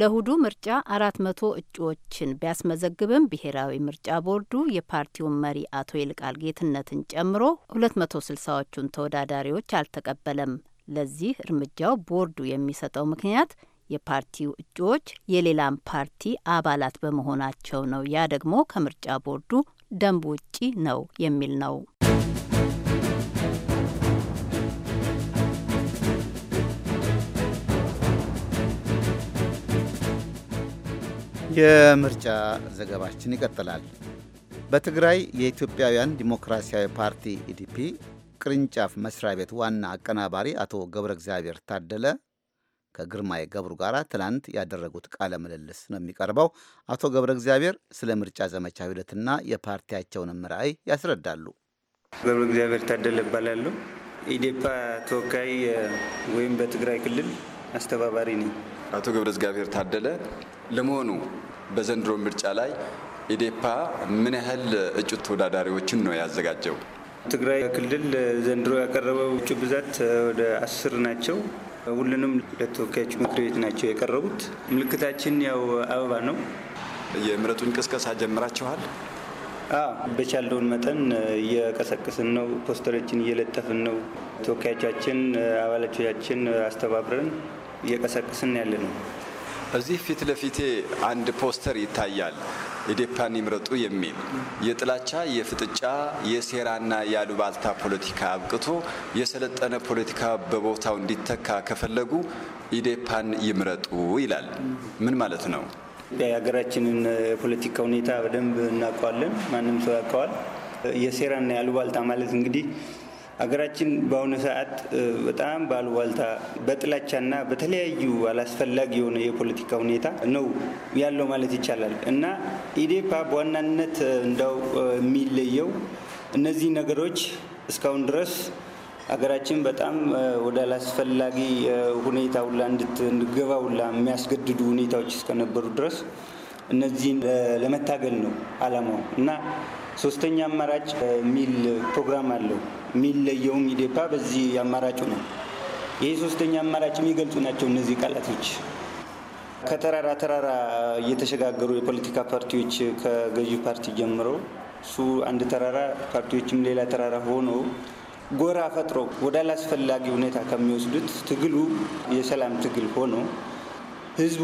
E: ለእሁዱ ምርጫ 400 እጩዎችን ቢያስመዘግብም ብሔራዊ ምርጫ ቦርዱ የፓርቲውን መሪ አቶ ይልቃል ጌትነትን ጨምሮ 260ዎቹን ተወዳዳሪዎች አልተቀበለም። ለዚህ እርምጃው ቦርዱ የሚሰጠው ምክንያት የፓርቲው እጩዎች የሌላም ፓርቲ አባላት በመሆናቸው ነው። ያ ደግሞ ከምርጫ ቦርዱ ደንብ ውጪ ነው የሚል ነው።
C: የምርጫ ዘገባችን ይቀጥላል። በትግራይ የኢትዮጵያውያን ዲሞክራሲያዊ ፓርቲ ኢዲፒ ቅርንጫፍ መስሪያ ቤት ዋና አቀናባሪ አቶ ገብረ እግዚአብሔር ታደለ ከግርማይ ገብሩ ጋር ትናንት ያደረጉት ቃለ ምልልስ ነው የሚቀርበው። አቶ ገብረ እግዚአብሔር ስለ ምርጫ ዘመቻ ሂደትና የፓርቲያቸውንም ራዕይ ያስረዳሉ።
J: ገብረ እግዚአብሔር ታደለ እባላለሁ። ኢዴፓ ተወካይ ወይም በትግራይ ክልል አስተባባሪ ነኝ። አቶ ገብረ እግዚአብሔር ታደለ፣ ለመሆኑ በዘንድሮ
I: ምርጫ ላይ ኢዴፓ ምን ያህል እጩ ተወዳዳሪዎችን ነው ያዘጋጀው?
J: ትግራይ ክልል ዘንድሮ ያቀረበው እጩ ብዛት ወደ አስር ናቸው። ሁሉንም ለተወካዮች ምክር ቤት ናቸው የቀረቡት። ምልክታችን ያው አበባ ነው። የምረጡን ቅስቀሳ ጀምራችኋል? በቻለውን መጠን እየቀሰቀስን ነው። ፖስተሮችን እየለጠፍን ነው። ተወካዮቻችን፣ አባላቻችን አስተባብረን እየቀሰቀስን ያለ ነው። እዚህ ፊት ለፊቴ አንድ ፖስተር ይታያል።
I: ኢዴፓን ይምረጡ የሚል የጥላቻ የፍጥጫ የሴራና ያሉባልታ ፖለቲካ አብቅቶ የሰለጠነ ፖለቲካ በቦታው እንዲተካ ከፈለጉ ኢዴፓን ይምረጡ ይላል። ምን ማለት ነው?
J: የሀገራችንን የፖለቲካ ሁኔታ በደንብ እናውቀዋለን። ማንም ሰው ያውቀዋል። የሴራና ያሉባልታ ማለት እንግዲህ አገራችን በአሁኑ ሰዓት በጣም ባሉባልታ በጥላቻና በተለያዩ አላስፈላጊ የሆነ የፖለቲካ ሁኔታ ነው ያለው ማለት ይቻላል እና ኢዴፓ በዋናነት እንደው የሚለየው እነዚህ ነገሮች እስካሁን ድረስ አገራችን በጣም ወደ አላስፈላጊ ሁኔታ ሁላ እንድትገባ ሁላ የሚያስገድዱ ሁኔታዎች እስከነበሩ ድረስ እነዚህን ለመታገል ነው አላማው እና ሶስተኛ አማራጭ የሚል ፕሮግራም አለው። የሚለየውም ኢዴፓ በዚህ አማራጩ ነው። ይህ ሶስተኛ አማራጭ የሚገልጹ ናቸው እነዚህ ቃላቶች። ከተራራ ተራራ እየተሸጋገሩ የፖለቲካ ፓርቲዎች ከገዢ ፓርቲ ጀምሮ እሱ አንድ ተራራ ፓርቲዎችም ሌላ ተራራ ሆኖ ጎራ ፈጥሮ ወደ አላስፈላጊ ሁኔታ ከሚወስዱት ትግሉ የሰላም ትግል ሆኖ ህዝቡ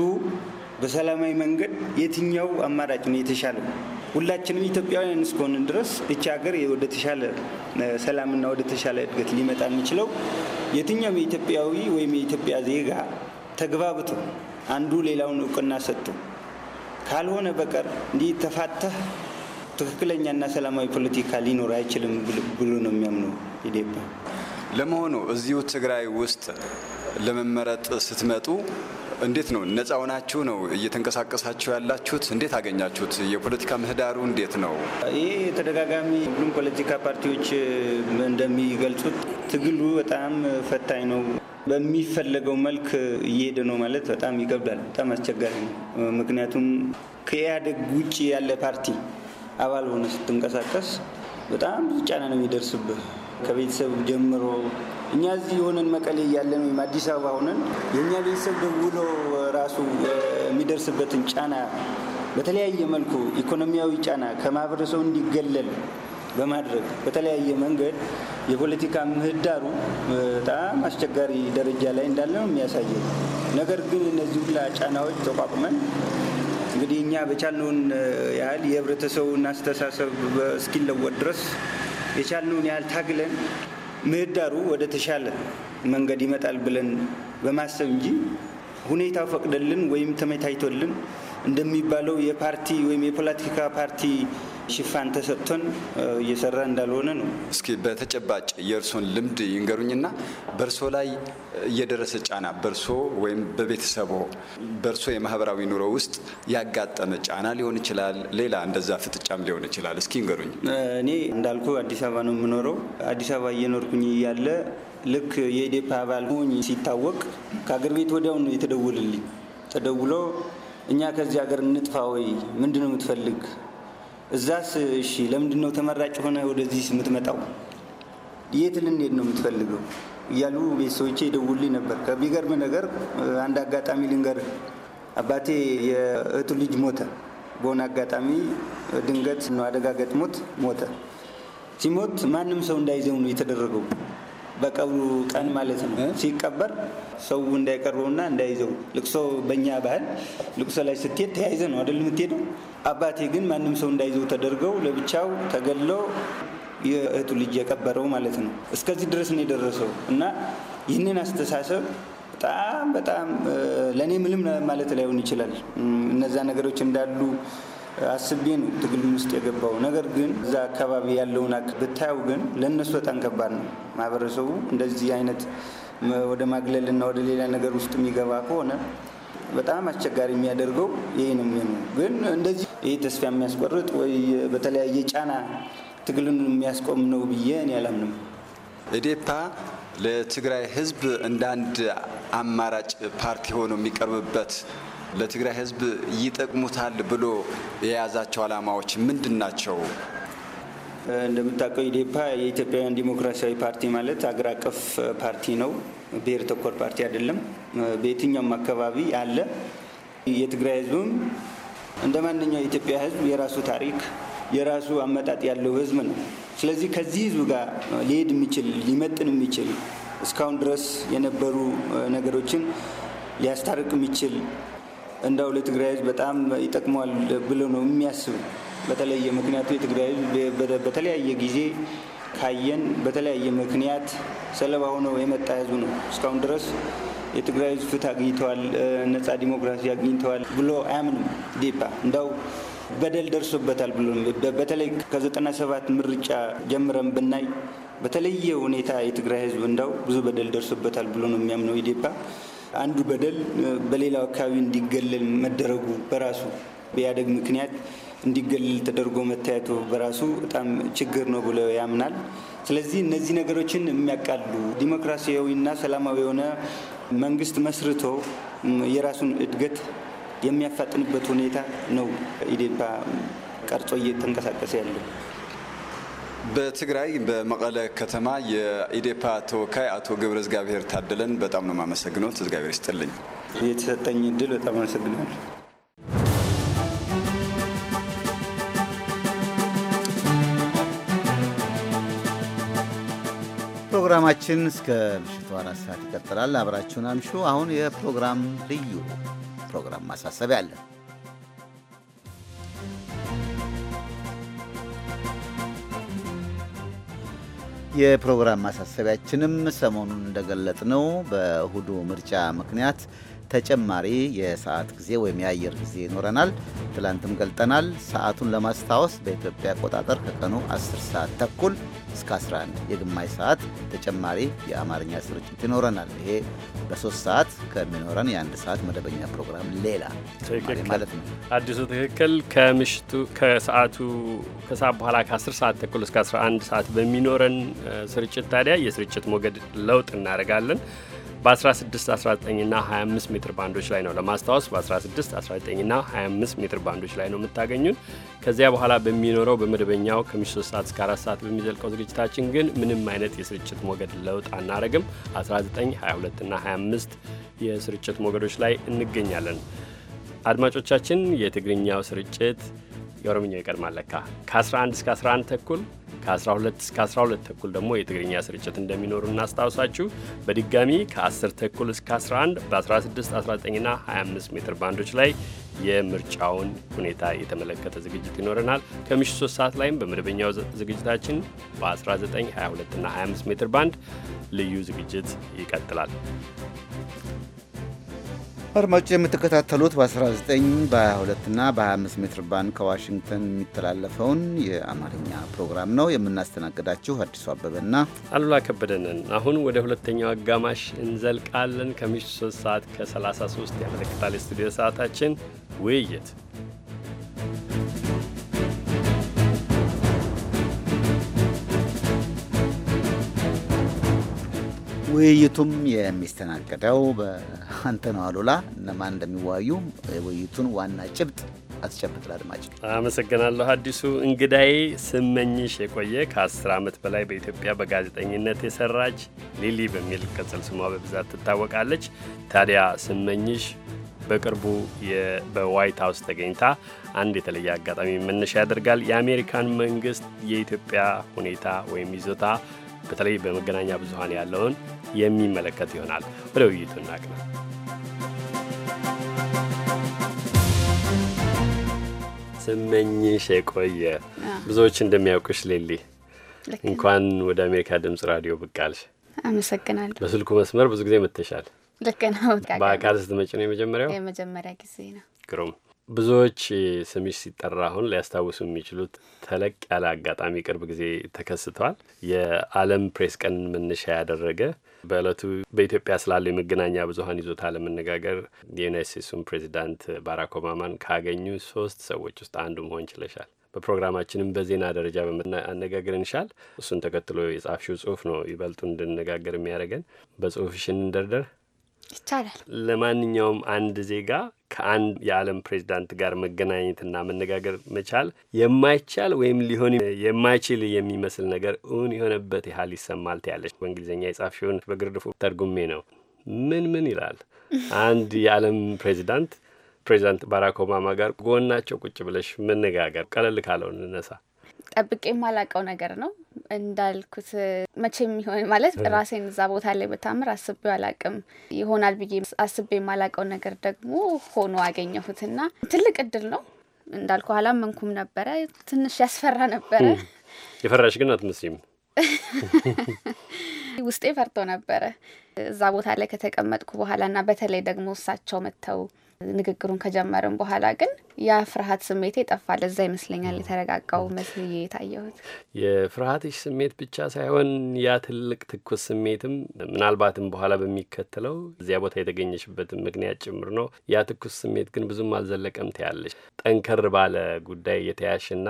J: በሰላማዊ መንገድ የትኛው አማራጭ ነው የተሻለው ሁላችንም ኢትዮጵያውያን እስከሆንን ድረስ እቺ ሀገር ወደ ተሻለ ሰላምና ወደ ተሻለ እድገት ሊመጣ የሚችለው የትኛውም የኢትዮጵያዊ ወይም የኢትዮጵያ ዜጋ ተግባብቶ አንዱ ሌላውን እውቅና ሰጥቶ ካልሆነ በቀር እንዲህ ተፋተህ ትክክለኛና ሰላማዊ ፖለቲካ ሊኖር አይችልም ብሎ ነው የሚያምነው ኢዴፓ። ለመሆኑ እዚሁ ትግራይ ውስጥ ለመመረጥ
I: ስትመጡ እንዴት ነው? ነጻ ሆናችሁ ነው እየተንቀሳቀሳችሁ ያላችሁት? እንዴት አገኛችሁት? የፖለቲካ ምህዳሩ እንዴት ነው?
J: ይህ ተደጋጋሚ ሁሉም ፖለቲካ ፓርቲዎች እንደሚገልጹት ትግሉ በጣም ፈታኝ ነው። በሚፈለገው መልክ እየሄደ ነው ማለት በጣም ይከብዳል። በጣም አስቸጋሪ ነው። ምክንያቱም ከኢህአዴግ ውጭ ያለ ፓርቲ አባል ሆነ ስትንቀሳቀስ በጣም ብዙ ጫና ነው የሚደርስብህ ከቤተሰብ ጀምሮ እኛ እዚህ የሆነን መቀሌ እያለን ወይም አዲስ አበባ ሆነን የእኛ ቤተሰብ ደውሎ ራሱ የሚደርስበትን ጫና በተለያየ መልኩ ኢኮኖሚያዊ ጫና ከማህበረሰቡ እንዲገለል በማድረግ በተለያየ መንገድ የፖለቲካ ምህዳሩ በጣም አስቸጋሪ ደረጃ ላይ እንዳለ ነው የሚያሳየው። ነገር ግን እነዚህ ሁላ ጫናዎች ተቋቁመን እንግዲህ እኛ በቻልነውን ያህል የህብረተሰቡን አስተሳሰብ እስኪለወጥ ድረስ የቻልነውን ያህል ታግለን ምህዳሩ ወደ ተሻለ መንገድ ይመጣል ብለን በማሰብ እንጂ ሁኔታው ፈቅደልን ወይም ተመታይቶልን እንደሚባለው የፓርቲ ወይም የፖለቲካ ፓርቲ ሽፋን ተሰጥቶን እየሰራ እንዳልሆነ ነው። እስኪ
I: በተጨባጭ የእርሶን ልምድ ይንገሩኝና በእርሶ ላይ እየደረሰ ጫና በእርሶ ወይም በቤተሰቦ በእርሶ የማህበራዊ ኑሮ ውስጥ ያጋጠመ ጫና ሊሆን ይችላል፣ ሌላ እንደዛ ፍጥጫም ሊሆን ይችላል። እስኪ ይንገሩኝ።
J: እኔ እንዳልኩ አዲስ አበባ ነው የምኖረው። አዲስ አበባ እየኖርኩኝ እያለ ልክ የኢዴፓ አባል ሆኝ ሲታወቅ ከአገር ቤት ወዲያው ነው ተደውሎ እኛ ከዚህ ሀገር እንጥፋ ወይ ምንድን ነው የምትፈልግ እዛስ እሺ፣ ለምንድን ነው ተመራጭ ሆነ ወደዚህ የምትመጣው? የት ልንሄድ ነው የምትፈልገው? እያሉ ቤተሰቦቼ ደውልኝ ነበር። ከሚገርም ነገር አንድ አጋጣሚ ልንገር አባቴ የእህቱ ልጅ ሞተ። በሆነ አጋጣሚ ድንገት ነው አደጋ ገጥሞት ሞተ። ሲሞት ማንም ሰው እንዳይዘው ነው የተደረገው። በቀብሩ ቀን ማለት ነው። ሲቀበር ሰው እንዳይቀርበውና እንዳይዘው ልቅሶ፣ በእኛ ባህል ልቅሶ ላይ ስትሄድ ተያይዘ ነው አደል የምትሄደው። አባቴ ግን ማንም ሰው እንዳይዘው ተደርገው ለብቻው ተገሎ የእህቱ ልጅ የቀበረው ማለት ነው። እስከዚህ ድረስ ነው የደረሰው እና ይህንን አስተሳሰብ በጣም በጣም ለእኔ ምንም ማለት ላይሆን ይችላል እነዛ ነገሮች እንዳሉ አስቤ ነው ትግል ውስጥ የገባው። ነገር ግን እዛ አካባቢ ያለውን ብታየው ግን ለእነሱ በጣም ከባድ ነው። ማህበረሰቡ እንደዚህ አይነት ወደ ማግለልና ወደ ሌላ ነገር ውስጥ የሚገባ ከሆነ በጣም አስቸጋሪ የሚያደርገው ይህ ነው የሚሆነው። ግን እንደዚህ ይህ ተስፋ የሚያስቆርጥ ወይ በተለያየ ጫና ትግልን የሚያስቆም ነው ብዬ እኔ አላምንም።
I: ኢዴፓ ለትግራይ ህዝብ እንደ አንድ አማራጭ ፓርቲ ሆኖ የሚቀርብበት ለትግራይ ህዝብ ይጠቅሙታል ብሎ የያዛቸው ዓላማዎች ምንድን ናቸው?
J: እንደምታውቀው ኢዴፓ የኢትዮጵያውያን ዲሞክራሲያዊ ፓርቲ ማለት አገር አቀፍ ፓርቲ ነው። ብሔር ተኮር ፓርቲ አይደለም። በየትኛውም አካባቢ አለ። የትግራይ ህዝብም እንደ ማንኛው የኢትዮጵያ ህዝብ የራሱ ታሪክ የራሱ አመጣጥ ያለው ህዝብ ነው። ስለዚህ ከዚህ ህዝብ ጋር ሊሄድ የሚችል ሊመጥን የሚችል እስካሁን ድረስ የነበሩ ነገሮችን ሊያስታርቅ የሚችል እንዳው ለትግራይ ህዝብ በጣም ይጠቅሟል ብሎ ነው የሚያስብ በተለየ ምክንያቱ የትግራይ ህዝብ በተለያየ ጊዜ ካየን በተለያየ ምክንያት ሰለባ ሆኖ የመጣ ህዝብ ነው። እስካሁን ድረስ የትግራይ ህዝብ ፍትህ አግኝተዋል፣ ነፃ ዲሞክራሲ አግኝተዋል ብሎ አያምንም። ዴፓ እንዳው በደል ደርሶበታል ብሎ በተለይ ከዘጠና ሰባት ምርጫ ጀምረን ብናይ በተለየ ሁኔታ የትግራይ ህዝብ እንዳው ብዙ በደል ደርሶበታል ብሎ ነው የሚያምነው ኢዴፓ። አንዱ በደል በሌላው አካባቢ እንዲገለል መደረጉ በራሱ በኢህአዴግ ምክንያት እንዲገለል ተደርጎ መታየቱ በራሱ በጣም ችግር ነው ብሎ ያምናል። ስለዚህ እነዚህ ነገሮችን የሚያቃሉ ዲሞክራሲያዊና ሰላማዊ የሆነ መንግስት መስርቶ የራሱን እድገት የሚያፋጥንበት ሁኔታ ነው ኢዴፓ ቀርጾ እየተንቀሳቀሰ ያለው። በትግራይ በመቀለ
I: ከተማ የኢዴፓ ተወካይ አቶ ገብረ እግዚአብሔር ታደለን በጣም ነው የማመሰግነው። እግዚአብሔር
J: ይስጥልኝ። የተሰጠኝ እድል በጣም አመሰግናለሁ።
C: ፕሮግራማችን እስከ ምሽቱ አራት ሰዓት ይቀጥላል። አብራችሁን አምሹ። አሁን የፕሮግራም ልዩ ፕሮግራም ማሳሰቢያ አለን። የፕሮግራም ማሳሰቢያችንም ሰሞኑን እንደገለጥ ነው በእሁዱ ምርጫ ምክንያት ተጨማሪ የሰዓት ጊዜ ወይም የአየር ጊዜ ይኖረናል። ትላንትም ገልጠናል። ሰዓቱን ለማስታወስ በኢትዮጵያ አቆጣጠር ከቀኑ 10 ሰዓት ተኩል እስከ 11 የግማሽ ሰዓት ተጨማሪ የአማርኛ ስርጭት ይኖረናል። ይሄ በሶስት ሰዓት ከሚኖረን የአንድ ሰዓት መደበኛ ፕሮግራም ሌላ ማለት ነው።
A: አዲሱ ትክክል። ከምሽቱ ከሰዓቱ ከሰዓት በኋላ ከ10 ሰዓት ተኩል እስከ 11 ሰዓት በሚኖረን ስርጭት ታዲያ የስርጭት ሞገድ ለውጥ እናደርጋለን። በ1619 እና 25 ሜትር ባንዶች ላይ ነው። ለማስታወስ በ1619 እና 25 ሜትር ባንዶች ላይ ነው የምታገኙን። ከዚያ በኋላ በሚኖረው በመደበኛው ከምሽቱ 3 ሰዓት እስከ 4 ሰዓት በሚዘልቀው ዝግጅታችን ግን ምንም አይነት የስርጭት ሞገድ ለውጥ አናረግም። 19፣ 22 እና 25 የስርጭት ሞገዶች ላይ እንገኛለን። አድማጮቻችን የትግርኛው ስርጭት የኦሮምኛው ይቀድማል ለካ ከ11 እስከ 11 ተኩል ከ12 እስከ 12 ተኩል ደግሞ የትግርኛ ስርጭት እንደሚኖሩ እናስታውሳችሁ። በድጋሚ ከ10 ተኩል እስከ 11 በ16፣ 19ና 25 ሜትር ባንዶች ላይ የምርጫውን ሁኔታ የተመለከተ ዝግጅት ይኖረናል። ከምሽቱ 3 ሰዓት ላይም በመደበኛው ዝግጅታችን በ19፣ 22ና 25 ሜትር ባንድ ልዩ ዝግጅት ይቀጥላል።
C: አድማጮች የምትከታተሉት በ19 በ22ና በ25 ሜትር ባንድ ከዋሽንግተን የሚተላለፈውን የአማርኛ ፕሮግራም ነው። የምናስተናግዳችሁ አዲሱ አበበና
A: አሉላ ከበደንን። አሁን ወደ ሁለተኛው አጋማሽ እንዘልቃለን። ከምሽቱ 3 ሰዓት ከ33 ያመለክታል የስቱዲዮ ሰዓታችን ውይይት
C: ውይይቱም የሚስተናገደው በአንተ ነው አሉላ። እነማን እንደሚወያዩ ውይይቱን ዋና ጭብጥ አስጨብጥ ለአድማጭ።
A: አመሰግናለሁ አዲሱ። እንግዳዬ ስመኝሽ የቆየ ከአስር ዓመት በላይ በኢትዮጵያ በጋዜጠኝነት የሰራች ሊሊ በሚል ቅጽል ስሟ በብዛት ትታወቃለች። ታዲያ ስመኝሽ በቅርቡ በዋይት ሀውስ ተገኝታ አንድ የተለየ አጋጣሚ መነሻ ያደርጋል። የአሜሪካን መንግስት የኢትዮጵያ ሁኔታ ወይም ይዞታ በተለይ በመገናኛ ብዙኃን ያለውን የሚመለከት ይሆናል። ወደ ውይይቱ እናቅና። ስመኝሽ የቆየ ብዙዎች እንደሚያውቁሽ ሌሊ እንኳን ወደ አሜሪካ ድምጽ ራዲዮ ብቅ አልሽ።
K: አመሰግናለሁ።
A: በስልኩ መስመር ብዙ ጊዜ መጥተሻል። ልክ ነው። በአካል ስትመጪ ነው የመጀመሪያው
K: የመጀመሪያ ጊዜ ነው።
A: ግሩም ብዙዎች ስምሽ ሲጠራ አሁን ሊያስታውሱ የሚችሉት ተለቅ ያለ አጋጣሚ ቅርብ ጊዜ ተከስተዋል። የዓለም ፕሬስ ቀን መነሻ ያደረገ በእለቱ በኢትዮጵያ ስላለው የመገናኛ ብዙኃን ይዞታ ለመነጋገር የዩናይት ስቴትሱን ፕሬዚዳንት ባራክ ኦባማን ካገኙ ሶስት ሰዎች ውስጥ አንዱ መሆን ችለሻል። በፕሮግራማችንም በዜና ደረጃ በመነጋገር እንሻል። እሱን ተከትሎ የጻፍሽው ጽሁፍ ነው ይበልጡ እንድነጋገር የሚያደርገን። በጽሁፍሽን እንደርደር። ይቻላል። ለማንኛውም አንድ ዜጋ ከአንድ የዓለም ፕሬዚዳንት ጋር መገናኘትና መነጋገር መቻል የማይቻል ወይም ሊሆን የማይችል የሚመስል ነገር እውን የሆነበት ያህል ይሰማል ትያለች። በእንግሊዝኛ የጻፍሽውን በግርድፉ ተርጉሜ ነው። ምን ምን ይላል አንድ የዓለም ፕሬዚዳንት ፕሬዚዳንት ባራክ ኦባማ ጋር ጎናቸው ቁጭ ብለሽ መነጋገር ቀለል ካለው እንነሳ
K: ጠብቄ የማላቀው ነገር ነው። እንዳልኩት መቼ የሚሆን ማለት ራሴን እዛ ቦታ ላይ በታምር አስቤው አላቅም ይሆናል ብዬ አስቤ የማላቀው ነገር ደግሞ ሆኖ አገኘሁትና ትልቅ እድል ነው። እንዳልኩ መንኩም ነበረ። ትንሽ ያስፈራ ነበረ።
A: የፈራሽ ግን አትመስም
K: ውስጤ ፈርቶ ነበረ እዛ ቦታ ላይ ከተቀመጥኩ በኋላ እና በተለይ ደግሞ እሳቸው መጥተው ንግግሩን ከጀመርን በኋላ ግን ያ ፍርሃት ስሜቴ ይጠፋል። እዛ ይመስለኛል የተረጋጋው መስዬ የታየሁት።
A: የፍርሃትሽ ስሜት ብቻ ሳይሆን ያ ትልቅ ትኩስ ስሜትም ምናልባትም በኋላ በሚከተለው እዚያ ቦታ የተገኘሽበትን ምክንያት ጭምር ነው። ያ ትኩስ ስሜት ግን ብዙም አልዘለቀም ትያለሽ። ጠንከር ባለ ጉዳይ የተያሽና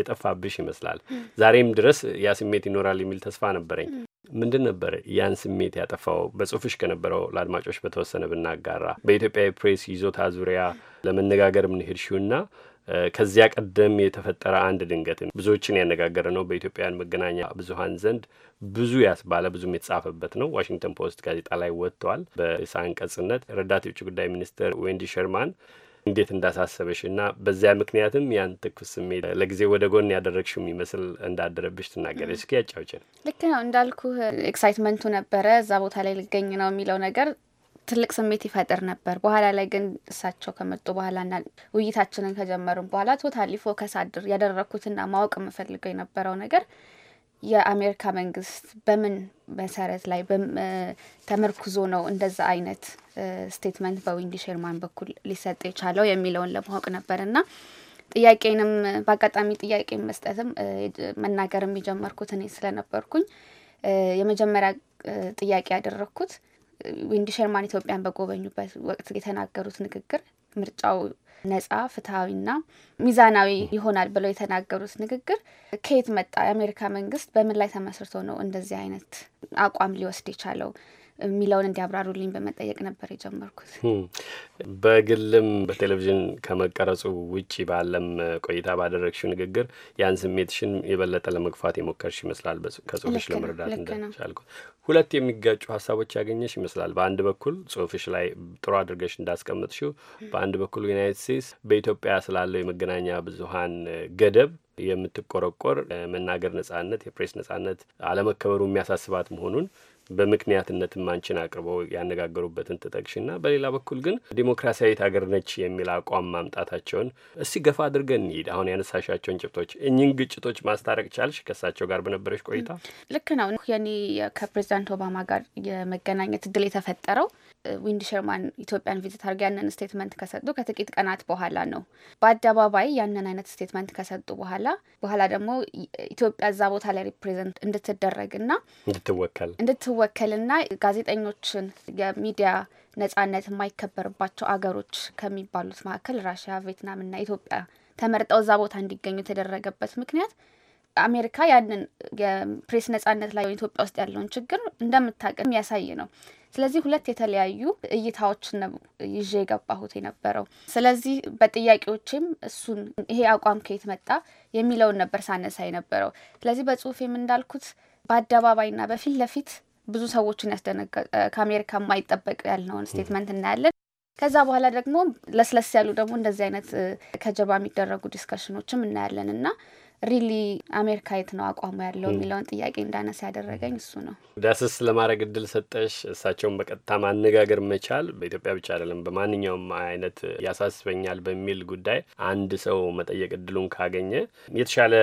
A: የጠፋብሽ ይመስላል። ዛሬም ድረስ ያ ስሜት ይኖራል የሚል ተስፋ ነበረኝ። ምንድን ነበር ያን ስሜት ያጠፋው? በጽሁፍሽ ከነበረው ለአድማጮች በተወሰነ ብናጋራ። በኢትዮጵያ የፕሬስ ይዞታ ዙሪያ ለመነጋገር የምንሄድሽውና ከዚያ ቀደም የተፈጠረ አንድ ድንገት ብዙዎችን ያነጋገረ ነው። በኢትዮጵያን መገናኛ ብዙሀን ዘንድ ብዙ ያስባለ ብዙም የተጻፈበት ነው። ዋሽንግተን ፖስት ጋዜጣ ላይ ወጥተዋል። በርዕሰ አንቀጽነት ረዳት የውጭ ጉዳይ ሚኒስትር ዌንዲ ሸርማን እንዴት እንዳሳሰበሽ እና በዚያ ምክንያትም ያን ትኩስ ስሜት ለጊዜ ወደ ጎን ያደረግሽው የሚመስል እንዳደረብሽ ትናገረች። እስኪ ያጫውችን።
K: ልክ ነው እንዳልኩ ኤክሳይትመንቱ ነበረ እዛ ቦታ ላይ ልገኝ ነው የሚለው ነገር ትልቅ ስሜት ይፈጥር ነበር። በኋላ ላይ ግን እሳቸው ከመጡ በኋላና ውይይታችንን ከጀመሩ በኋላ ቶታሊ ፎከስ አድር ያደረግኩትና ማወቅ የምፈልገው የነበረው ነገር የአሜሪካ መንግስት በምን መሰረት ላይ ተመርኩዞ ነው እንደዛ አይነት ስቴትመንት በዊንዲ ሼርማን በኩል ሊሰጥ የቻለው የሚለውን ለማወቅ ነበር እና ጥያቄንም በአጋጣሚ ጥያቄ መስጠትም መናገርም የጀመርኩት እኔ ስለነበርኩኝ የመጀመሪያ ጥያቄ ያደረግኩት ዊንዲ ሼርማን ኢትዮጵያን በጎበኙበት ወቅት የተናገሩት ንግግር ምርጫው ነጻ ፍትሐዊና ሚዛናዊ ይሆናል ብለው የተናገሩት ንግግር ከየት መጣ? የአሜሪካ መንግስት በምን ላይ ተመስርቶ ነው እንደዚህ አይነት አቋም ሊወስድ የቻለው? የሚለውን እንዲያብራሩልኝ በመጠየቅ ነበር የጀመርኩት።
A: በግልም በቴሌቪዥን ከመቀረጹ ውጭ ባለም ቆይታ ባደረግሽው ንግግር ያን ስሜትሽን የበለጠ ለመግፋት የሞከርሽ ይመስላል። ከጽሁፍሽ ለመረዳት እንደቻልኩት ሁለት የሚጋጩ ሀሳቦች ያገኘሽ ይመስላል። በአንድ በኩል ጽሁፍሽ ላይ ጥሩ አድርገሽ እንዳስቀመጥሽው፣ በአንድ በኩል ዩናይትድ ስቴትስ በኢትዮጵያ ስላለው የመገናኛ ብዙሀን ገደብ የምትቆረቆር መናገር ነጻነት፣ የፕሬስ ነጻነት አለመከበሩ የሚያሳስባት መሆኑን በምክንያትነትም አንቺን አቅርበው ያነጋገሩበትን ትጠቅሽና በሌላ በኩል ግን ዲሞክራሲያዊት ሀገር ነች የሚል አቋም ማምጣታቸውን እስቲ ገፋ አድርገን እንሂድ። አሁን ያነሳሻቸውን ጭብጦች እኝን ግጭቶች ማስታረቅ ቻልሽ ከእሳቸው ጋር በነበረች ቆይታ?
K: ልክ ነው። የኔ ከፕሬዚዳንት ኦባማ ጋር የመገናኘት እድል የተፈጠረው ዊንድ ሸርማን ኢትዮጵያን ቪዚት አድርገ ያንን ስቴትመንት ከሰጡ ከጥቂት ቀናት በኋላ ነው። በአደባባይ ያንን አይነት ስቴትመንት ከሰጡ በኋላ በኋላ ደግሞ ኢትዮጵያ እዛ ቦታ ላይ ሪፕሬዘንት እንድትደረግና
A: እንድትወከል
K: እንድትወከልና ጋዜጠኞችን የሚዲያ ነጻነት የማይከበርባቸው አገሮች ከሚባሉት መካከል ራሽያ፣ ቬትናምና ኢትዮጵያ ተመርጠው እዛ ቦታ እንዲገኙ የተደረገበት ምክንያት አሜሪካ ያንን የፕሬስ ነጻነት ላይ ኢትዮጵያ ውስጥ ያለውን ችግር እንደምታቅም የሚያሳይ ነው። ስለዚህ ሁለት የተለያዩ እይታዎችን ነው ይዤ የገባሁት የነበረው። ስለዚህ በጥያቄዎችም እሱን ይሄ አቋም ከየት መጣ የሚለውን ነበር ሳነሳ የነበረው። ስለዚህ በጽሁፌም እንዳልኩት በአደባባይና በፊት ለፊት ብዙ ሰዎችን ያስደነገ ከአሜሪካ የማይጠበቅ ያልነውን ስቴትመንት እናያለን። ከዛ በኋላ ደግሞ ለስለስ ያሉ ደግሞ እንደዚህ አይነት ከጀባ የሚደረጉ ዲስከሽኖችም እናያለን እና ሪሊ አሜሪካ የት ነው አቋሙ ያለው የሚለውን ጥያቄ እንዳነሳ ያደረገኝ እሱ ነው።
A: ዳስስ ለማድረግ እድል ሰጠሽ። እሳቸውን በቀጥታ ማነጋገር መቻል በኢትዮጵያ ብቻ አይደለም፣ በማንኛውም አይነት ያሳስበኛል በሚል ጉዳይ አንድ ሰው መጠየቅ እድሉን ካገኘ የተሻለ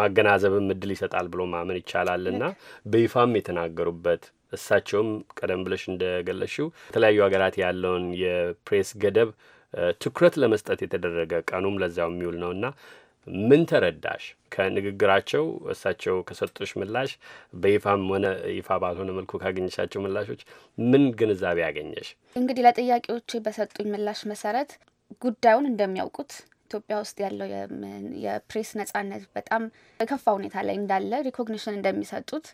A: ማገናዘብም እድል ይሰጣል ብሎ ማመን ይቻላል እና በይፋም የተናገሩበት እሳቸውም ቀደም ብለሽ እንደገለሽው የተለያዩ ሀገራት ያለውን የፕሬስ ገደብ ትኩረት ለመስጠት የተደረገ ቀኑም ለዚያው የሚውል እና ምን ተረዳሽ ከንግግራቸው እሳቸው ከሰጡሽ ምላሽ በይፋም ሆነ ይፋ ባልሆነ መልኩ ካገኘሻቸው ምላሾች ምን ግንዛቤ ያገኘሽ?
K: እንግዲህ ለጥያቄዎች በሰጡኝ ምላሽ መሰረት ጉዳዩን እንደሚያውቁት ኢትዮጵያ ውስጥ ያለው የፕሬስ ነጻነት በጣም በከፋ ሁኔታ ላይ እንዳለ ሪኮግኒሽን እንደሚሰጡት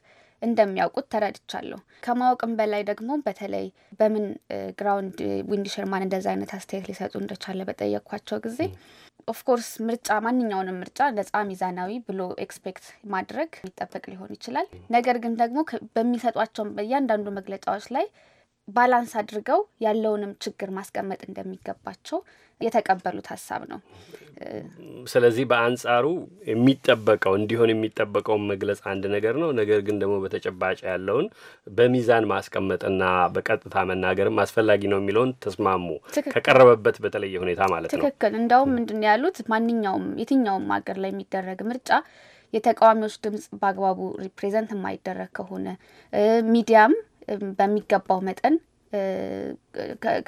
K: እንደሚያውቁት ተረድቻለሁ። ከማወቅም በላይ ደግሞ በተለይ በምን ግራውንድ ዊንዲ ሸርማን እንደዚ አይነት አስተያየት ሊሰጡ እንደቻለ በጠየኳቸው ጊዜ ኦፍኮርስ ምርጫ ማንኛውንም ምርጫ ነፃ ሚዛናዊ ብሎ ኤክስፔክት ማድረግ የሚጠበቅ ሊሆን ይችላል። ነገር ግን ደግሞ በሚሰጧቸው በእያንዳንዱ መግለጫዎች ላይ ባላንስ አድርገው ያለውንም ችግር ማስቀመጥ እንደሚገባቸው የተቀበሉት ሀሳብ ነው።
A: ስለዚህ በአንጻሩ የሚጠበቀው እንዲሆን የሚጠበቀውን መግለጽ አንድ ነገር ነው። ነገር ግን ደግሞ በተጨባጭ ያለውን በሚዛን ማስቀመጥና በቀጥታ መናገርም አስፈላጊ ነው የሚለውን ተስማሙ። ከቀረበበት በተለየ ሁኔታ ማለት ነው።
K: ትክክል። እንደውም ምንድን ያሉት ማንኛውም የትኛውም ሀገር ላይ የሚደረግ ምርጫ የተቃዋሚዎች ድምጽ በአግባቡ ሪፕሬዘንት የማይደረግ ከሆነ ሚዲያም በሚገባው መጠን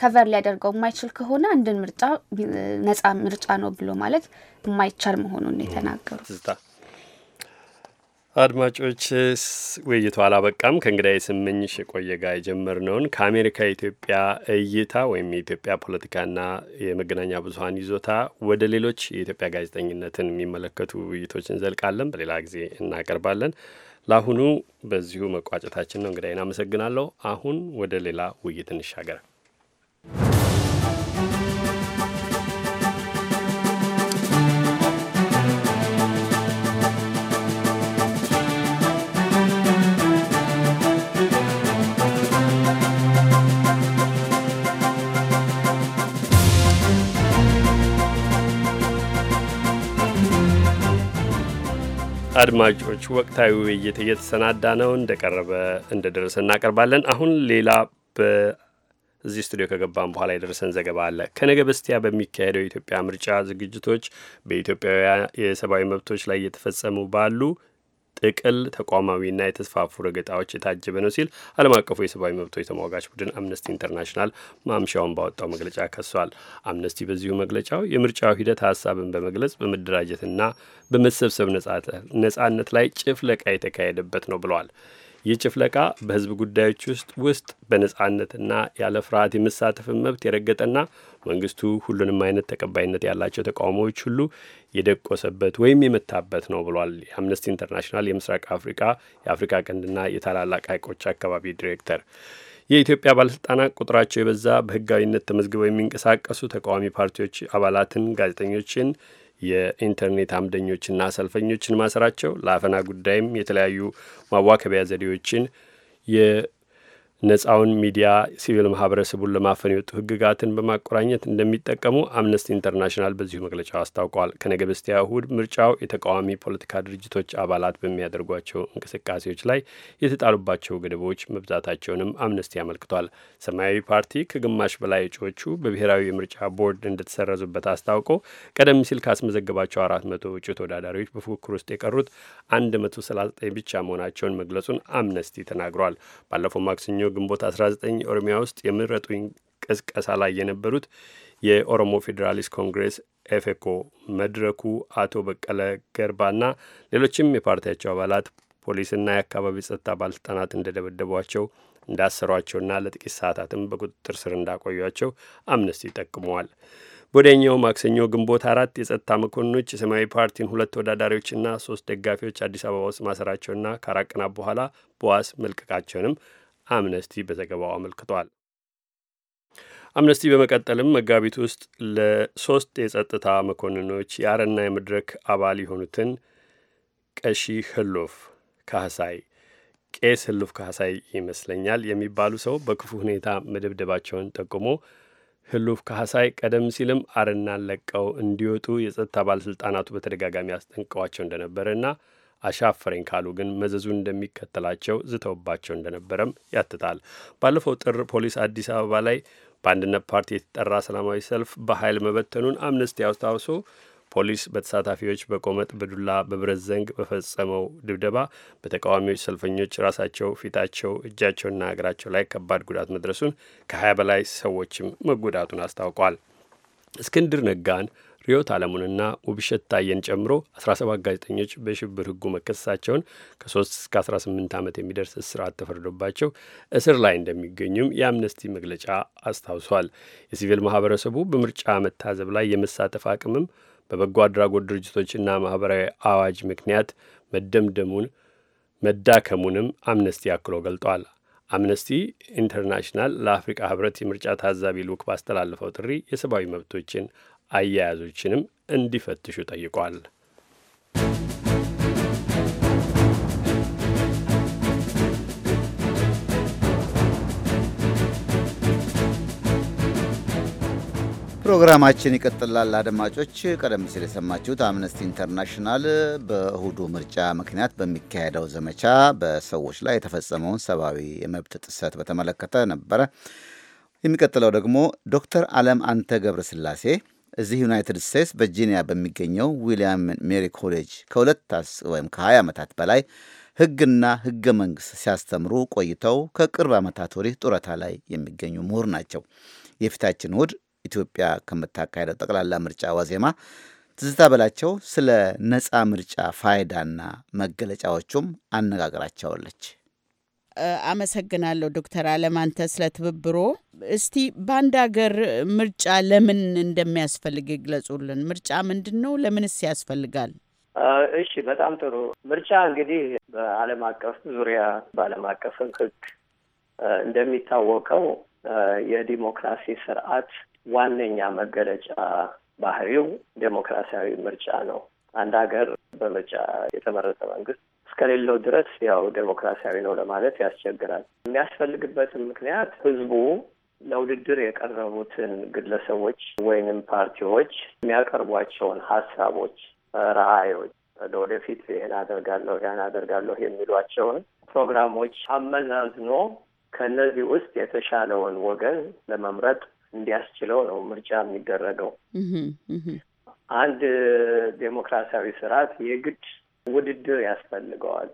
K: ከቨር ሊያደርገው የማይችል ከሆነ አንድን ምርጫ ነጻ ምርጫ ነው ብሎ ማለት የማይቻል መሆኑን የተናገሩ
A: አድማጮች፣ ውይይቱ አላበቃም። ከእንግዳዬ የስመኝሽ የቆየ ጋር የጀመርነውን ከአሜሪካ የኢትዮጵያ እይታ ወይም የኢትዮጵያ ፖለቲካና የመገናኛ ብዙኃን ይዞታ ወደ ሌሎች የኢትዮጵያ ጋዜጠኝነትን የሚመለከቱ ውይይቶች እንዘልቃለን። በሌላ ጊዜ እናቀርባለን። ለአሁኑ በዚሁ መቋጨታችን ነው። እንግዳይን አመሰግናለሁ። አሁን ወደ ሌላ ውይይት እንሻገር። አድማጮች ወቅታዊ ውይይት እየተሰናዳ ነው። እንደቀረበ እንደደረሰ እናቀርባለን። አሁን ሌላ በዚህ ስቱዲዮ ከገባን በኋላ የደረሰን ዘገባ አለ። ከነገ በስቲያ በሚካሄደው የኢትዮጵያ ምርጫ ዝግጅቶች በኢትዮጵያውያን የሰብአዊ መብቶች ላይ እየተፈጸሙ ባሉ ጥቅል ተቋማዊና የተስፋፉ ረገጣዎች የታጀበ ነው ሲል ዓለም አቀፉ የሰብአዊ መብቶች ተሟጋች ቡድን አምነስቲ ኢንተርናሽናል ማምሻውን ባወጣው መግለጫ ከሷል። አምነስቲ በዚሁ መግለጫው የምርጫው ሂደት ሀሳብን በመግለጽ በመደራጀትና በመሰብሰብ ነጻነት ላይ ጭፍለቃ የተካሄደበት ነው ብለዋል። ይህ ጭፍለቃ በህዝብ ጉዳዮች ውስጥ ውስጥ በነጻነትና ያለ ፍርሃት የመሳተፍን መብት የረገጠና መንግስቱ ሁሉንም አይነት ተቀባይነት ያላቸው ተቃውሞዎች ሁሉ የደቆሰበት ወይም የመታበት ነው ብሏል የአምነስቲ ኢንተርናሽናል የምስራቅ አፍሪካ የአፍሪካ ቀንድና የታላላቅ ሀይቆች አካባቢ ዲሬክተር። የኢትዮጵያ ባለስልጣናት ቁጥራቸው የበዛ በህጋዊነት ተመዝግበው የሚንቀሳቀሱ ተቃዋሚ ፓርቲዎች አባላትን፣ ጋዜጠኞችን የኢንተርኔት አምደኞችና ሰልፈኞችን ማሰራቸው፣ ለአፈና ጉዳይም የተለያዩ ማዋከቢያ ዘዴዎችን ነፃውን ሚዲያ ሲቪል ማህበረሰቡን ለማፈን የወጡ ህግጋትን በማቆራኘት እንደሚጠቀሙ አምነስቲ ኢንተርናሽናል በዚሁ መግለጫው አስታውቋል። ከነገ በስቲያ እሁድ ምርጫው የተቃዋሚ ፖለቲካ ድርጅቶች አባላት በሚያደርጓቸው እንቅስቃሴዎች ላይ የተጣሉባቸው ገደቦች መብዛታቸውንም አምነስቲ አመልክቷል። ሰማያዊ ፓርቲ ከግማሽ በላይ እጩዎቹ በብሔራዊ የምርጫ ቦርድ እንደተሰረዙበት አስታውቆ ቀደም ሲል ካስመዘገባቸው አራት መቶ እጩ ተወዳዳሪዎች በፉክክር ውስጥ የቀሩት አንድ መቶ ሰላሳ ዘጠኝ ብቻ መሆናቸውን መግለጹን አምነስቲ ተናግሯል። ባለፈው ማክሰኞ ግንቦት 19 ኦሮሚያ ውስጥ የምረጡኝ ቅስቀሳ ላይ የነበሩት የኦሮሞ ፌዴራሊስት ኮንግሬስ ኤፌኮ፣ መድረኩ፣ አቶ በቀለ ገርባና ሌሎችም የፓርቲያቸው አባላት ፖሊስና የአካባቢ ጸጥታ ባለስልጣናት እንደደበደቧቸው እንዳሰሯቸውና ለጥቂት ሰዓታትም በቁጥጥር ስር እንዳቆያቸው አምነስቲ ይጠቅመዋል። ወደኛው ማክሰኞ ግንቦት አራት የጸጥታ መኮንኖች የሰማያዊ ፓርቲን ሁለት ተወዳዳሪዎችና ሶስት ደጋፊዎች አዲስ አበባ ውስጥ ማሰራቸውና ከአራት ቀናት በኋላ በዋስ መልቀቃቸውንም አምነስቲ በዘገባው አመልክቷል። አምነስቲ በመቀጠልም መጋቢት ውስጥ ለሶስት የጸጥታ መኮንኖች የአረና የመድረክ አባል የሆኑትን ቀሺ ህሎፍ ካህሳይ ቄስ ህሉፍ ካህሳይ ይመስለኛል የሚባሉ ሰው በክፉ ሁኔታ መደብደባቸውን ጠቁሞ ህሉፍ ካህሳይ ቀደም ሲልም አረናን ለቀው እንዲወጡ የጸጥታ ባለሥልጣናቱ በተደጋጋሚ አስጠንቀዋቸው እንደነበረና አሻፈረኝ ካሉ ግን መዘዙ እንደሚከተላቸው ዝተውባቸው እንደነበረም ያትታል። ባለፈው ጥር ፖሊስ አዲስ አበባ ላይ በአንድነት ፓርቲ የተጠራ ሰላማዊ ሰልፍ በኃይል መበተኑን አምነስቲ አስታውሶ ፖሊስ በተሳታፊዎች በቆመጥ፣ በዱላ፣ በብረት ዘንግ በፈጸመው ድብደባ በተቃዋሚዎች ሰልፈኞች ራሳቸው፣ ፊታቸው፣ እጃቸውና እግራቸው ላይ ከባድ ጉዳት መድረሱን ከሀያ በላይ ሰዎችም መጎዳቱን አስታውቋል። እስክንድር ነጋን ሪዮት አለሙንና ውብሸት ታየን ጨምሮ 17 ጋዜጠኞች በሽብር ህጉ መከሰሳቸውን ከ3 እስከ 18 ዓመት የሚደርስ እስራት ተፈርዶባቸው እስር ላይ እንደሚገኙም የአምነስቲ መግለጫ አስታውሷል። የሲቪል ማህበረሰቡ በምርጫ መታዘብ ላይ የመሳተፍ አቅምም በበጎ አድራጎት ድርጅቶችና ማህበራዊ አዋጅ ምክንያት መደምደሙን መዳከሙንም አምነስቲ አክሎ ገልጧል። አምነስቲ ኢንተርናሽናል ለአፍሪቃ ህብረት የምርጫ ታዛቢ ልዑክ ባስተላለፈው ጥሪ የሰብአዊ መብቶችን አያያዞችንም እንዲፈትሹ ጠይቋል።
C: ፕሮግራማችን ይቀጥላል። አድማጮች፣ ቀደም ሲል የሰማችሁት አምነስቲ ኢንተርናሽናል በእሁዱ ምርጫ ምክንያት በሚካሄደው ዘመቻ በሰዎች ላይ የተፈጸመውን ሰብአዊ የመብት ጥሰት በተመለከተ ነበረ። የሚቀጥለው ደግሞ ዶክተር አለም አንተ ገብረ ስላሴ እዚህ ዩናይትድ ስቴትስ ቨርጂኒያ በሚገኘው ዊልያም ሜሪ ኮሌጅ ከሁለት ወይም ከ20 ዓመታት በላይ ሕግና ሕገ መንግሥት ሲያስተምሩ ቆይተው ከቅርብ ዓመታት ወዲህ ጡረታ ላይ የሚገኙ ምሁር ናቸው። የፊታችን እሁድ ኢትዮጵያ ከምታካሄደው ጠቅላላ ምርጫ ዋዜማ ትዝታ በላቸው ስለ ነፃ ምርጫ ፋይዳና መገለጫዎቹም አነጋግራቸዋለች።
L: አመሰግናለሁ ዶክተር አንተ ስለ ትብብሮ። እስቲ በአንድ ሀገር ምርጫ ለምን እንደሚያስፈልግ ይግለጹልን። ምርጫ ምንድን ነው? ለምንስ ያስፈልጋል?
F: እሺ፣ በጣም ጥሩ። ምርጫ እንግዲህ በዓለም አቀፍ ዙሪያ በዓለም አቀፍ ሕግ እንደሚታወቀው የዲሞክራሲ ስርዓት ዋነኛ መገለጫ ባህሪው ዴሞክራሲያዊ ምርጫ ነው። አንድ ሀገር በምርጫ የተመረጠ መንግስት እስከሌለው ድረስ ያው ዴሞክራሲያዊ ነው ለማለት ያስቸግራል። የሚያስፈልግበትም ምክንያት ህዝቡ ለውድድር የቀረቡትን ግለሰቦች ወይንም ፓርቲዎች የሚያቀርቧቸውን ሀሳቦች፣ ረአዮች ለወደፊት ይሄን አደርጋለሁ ያን አደርጋለሁ የሚሏቸውን ፕሮግራሞች አመዛዝኖ ከእነዚህ ውስጥ የተሻለውን ወገን ለመምረጥ እንዲያስችለው ነው ምርጫ የሚደረገው። አንድ ዴሞክራሲያዊ ስርዓት የግድ ውድድር ያስፈልገዋል።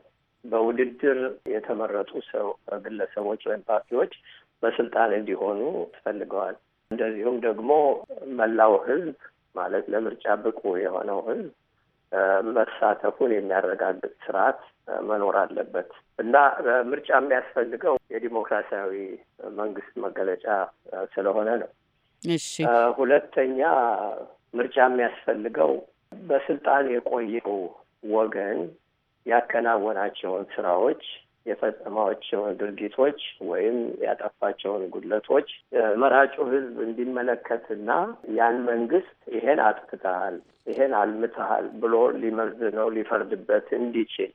F: በውድድር የተመረጡ ሰው ግለሰቦች ወይም ፓርቲዎች በስልጣን እንዲሆኑ ያስፈልገዋል። እንደዚሁም ደግሞ መላው ህዝብ ማለት ለምርጫ ብቁ የሆነው ህዝብ መሳተፉን የሚያረጋግጥ ስርዓት መኖር አለበት እና ምርጫ የሚያስፈልገው የዲሞክራሲያዊ መንግስት መገለጫ ስለሆነ ነው። እሺ፣ ሁለተኛ ምርጫ የሚያስፈልገው በስልጣን የቆየው ወገን ያከናወናቸውን ስራዎች የፈጸማቸውን ድርጊቶች ወይም ያጠፋቸውን ጉድለቶች መራጩ ሕዝብ እንዲመለከትና ያን መንግስት ይሄን አጥፍተሃል፣ ይሄን አልምተሃል ብሎ ሊመዝነው ሊፈርድበት እንዲችል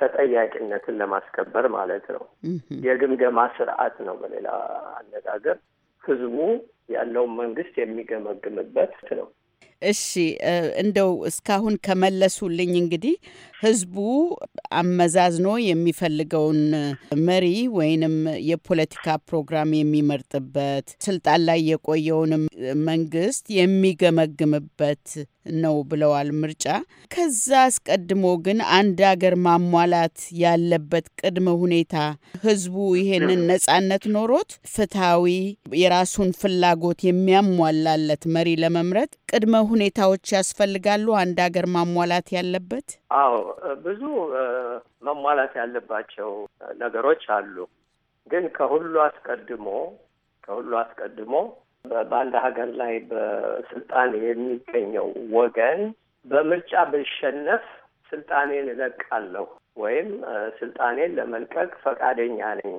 F: ተጠያቂነትን ለማስከበር ማለት ነው። የግምገማ ስርዓት ነው። በሌላ አነጋገር ሕዝቡ ያለውን መንግስት የሚገመግምበት ነው።
L: እሺ እንደው እስካሁን ከመለሱልኝ እንግዲህ ህዝቡ አመዛዝኖ የሚፈልገውን መሪ ወይንም የፖለቲካ ፕሮግራም የሚመርጥበት ስልጣን ላይ የቆየውንም መንግስት የሚገመግምበት ነው ብለዋል ምርጫ። ከዛ አስቀድሞ ግን አንድ ሀገር ማሟላት ያለበት ቅድመ ሁኔታ ህዝቡ ይሄንን ነጻነት ኖሮት ፍትሐዊ የራሱን ፍላጎት የሚያሟላለት መሪ ለመምረጥ ቅድመ ሁኔታዎች ያስፈልጋሉ አንድ ሀገር ማሟላት ያለበት?
F: አዎ ብዙ መሟላት ያለባቸው ነገሮች አሉ። ግን ከሁሉ አስቀድሞ ከሁሉ አስቀድሞ በአንድ ሀገር ላይ በስልጣን የሚገኘው ወገን በምርጫ ብሸነፍ ስልጣኔን እለቃለሁ ወይም ስልጣኔን ለመልቀቅ ፈቃደኛ ነኝ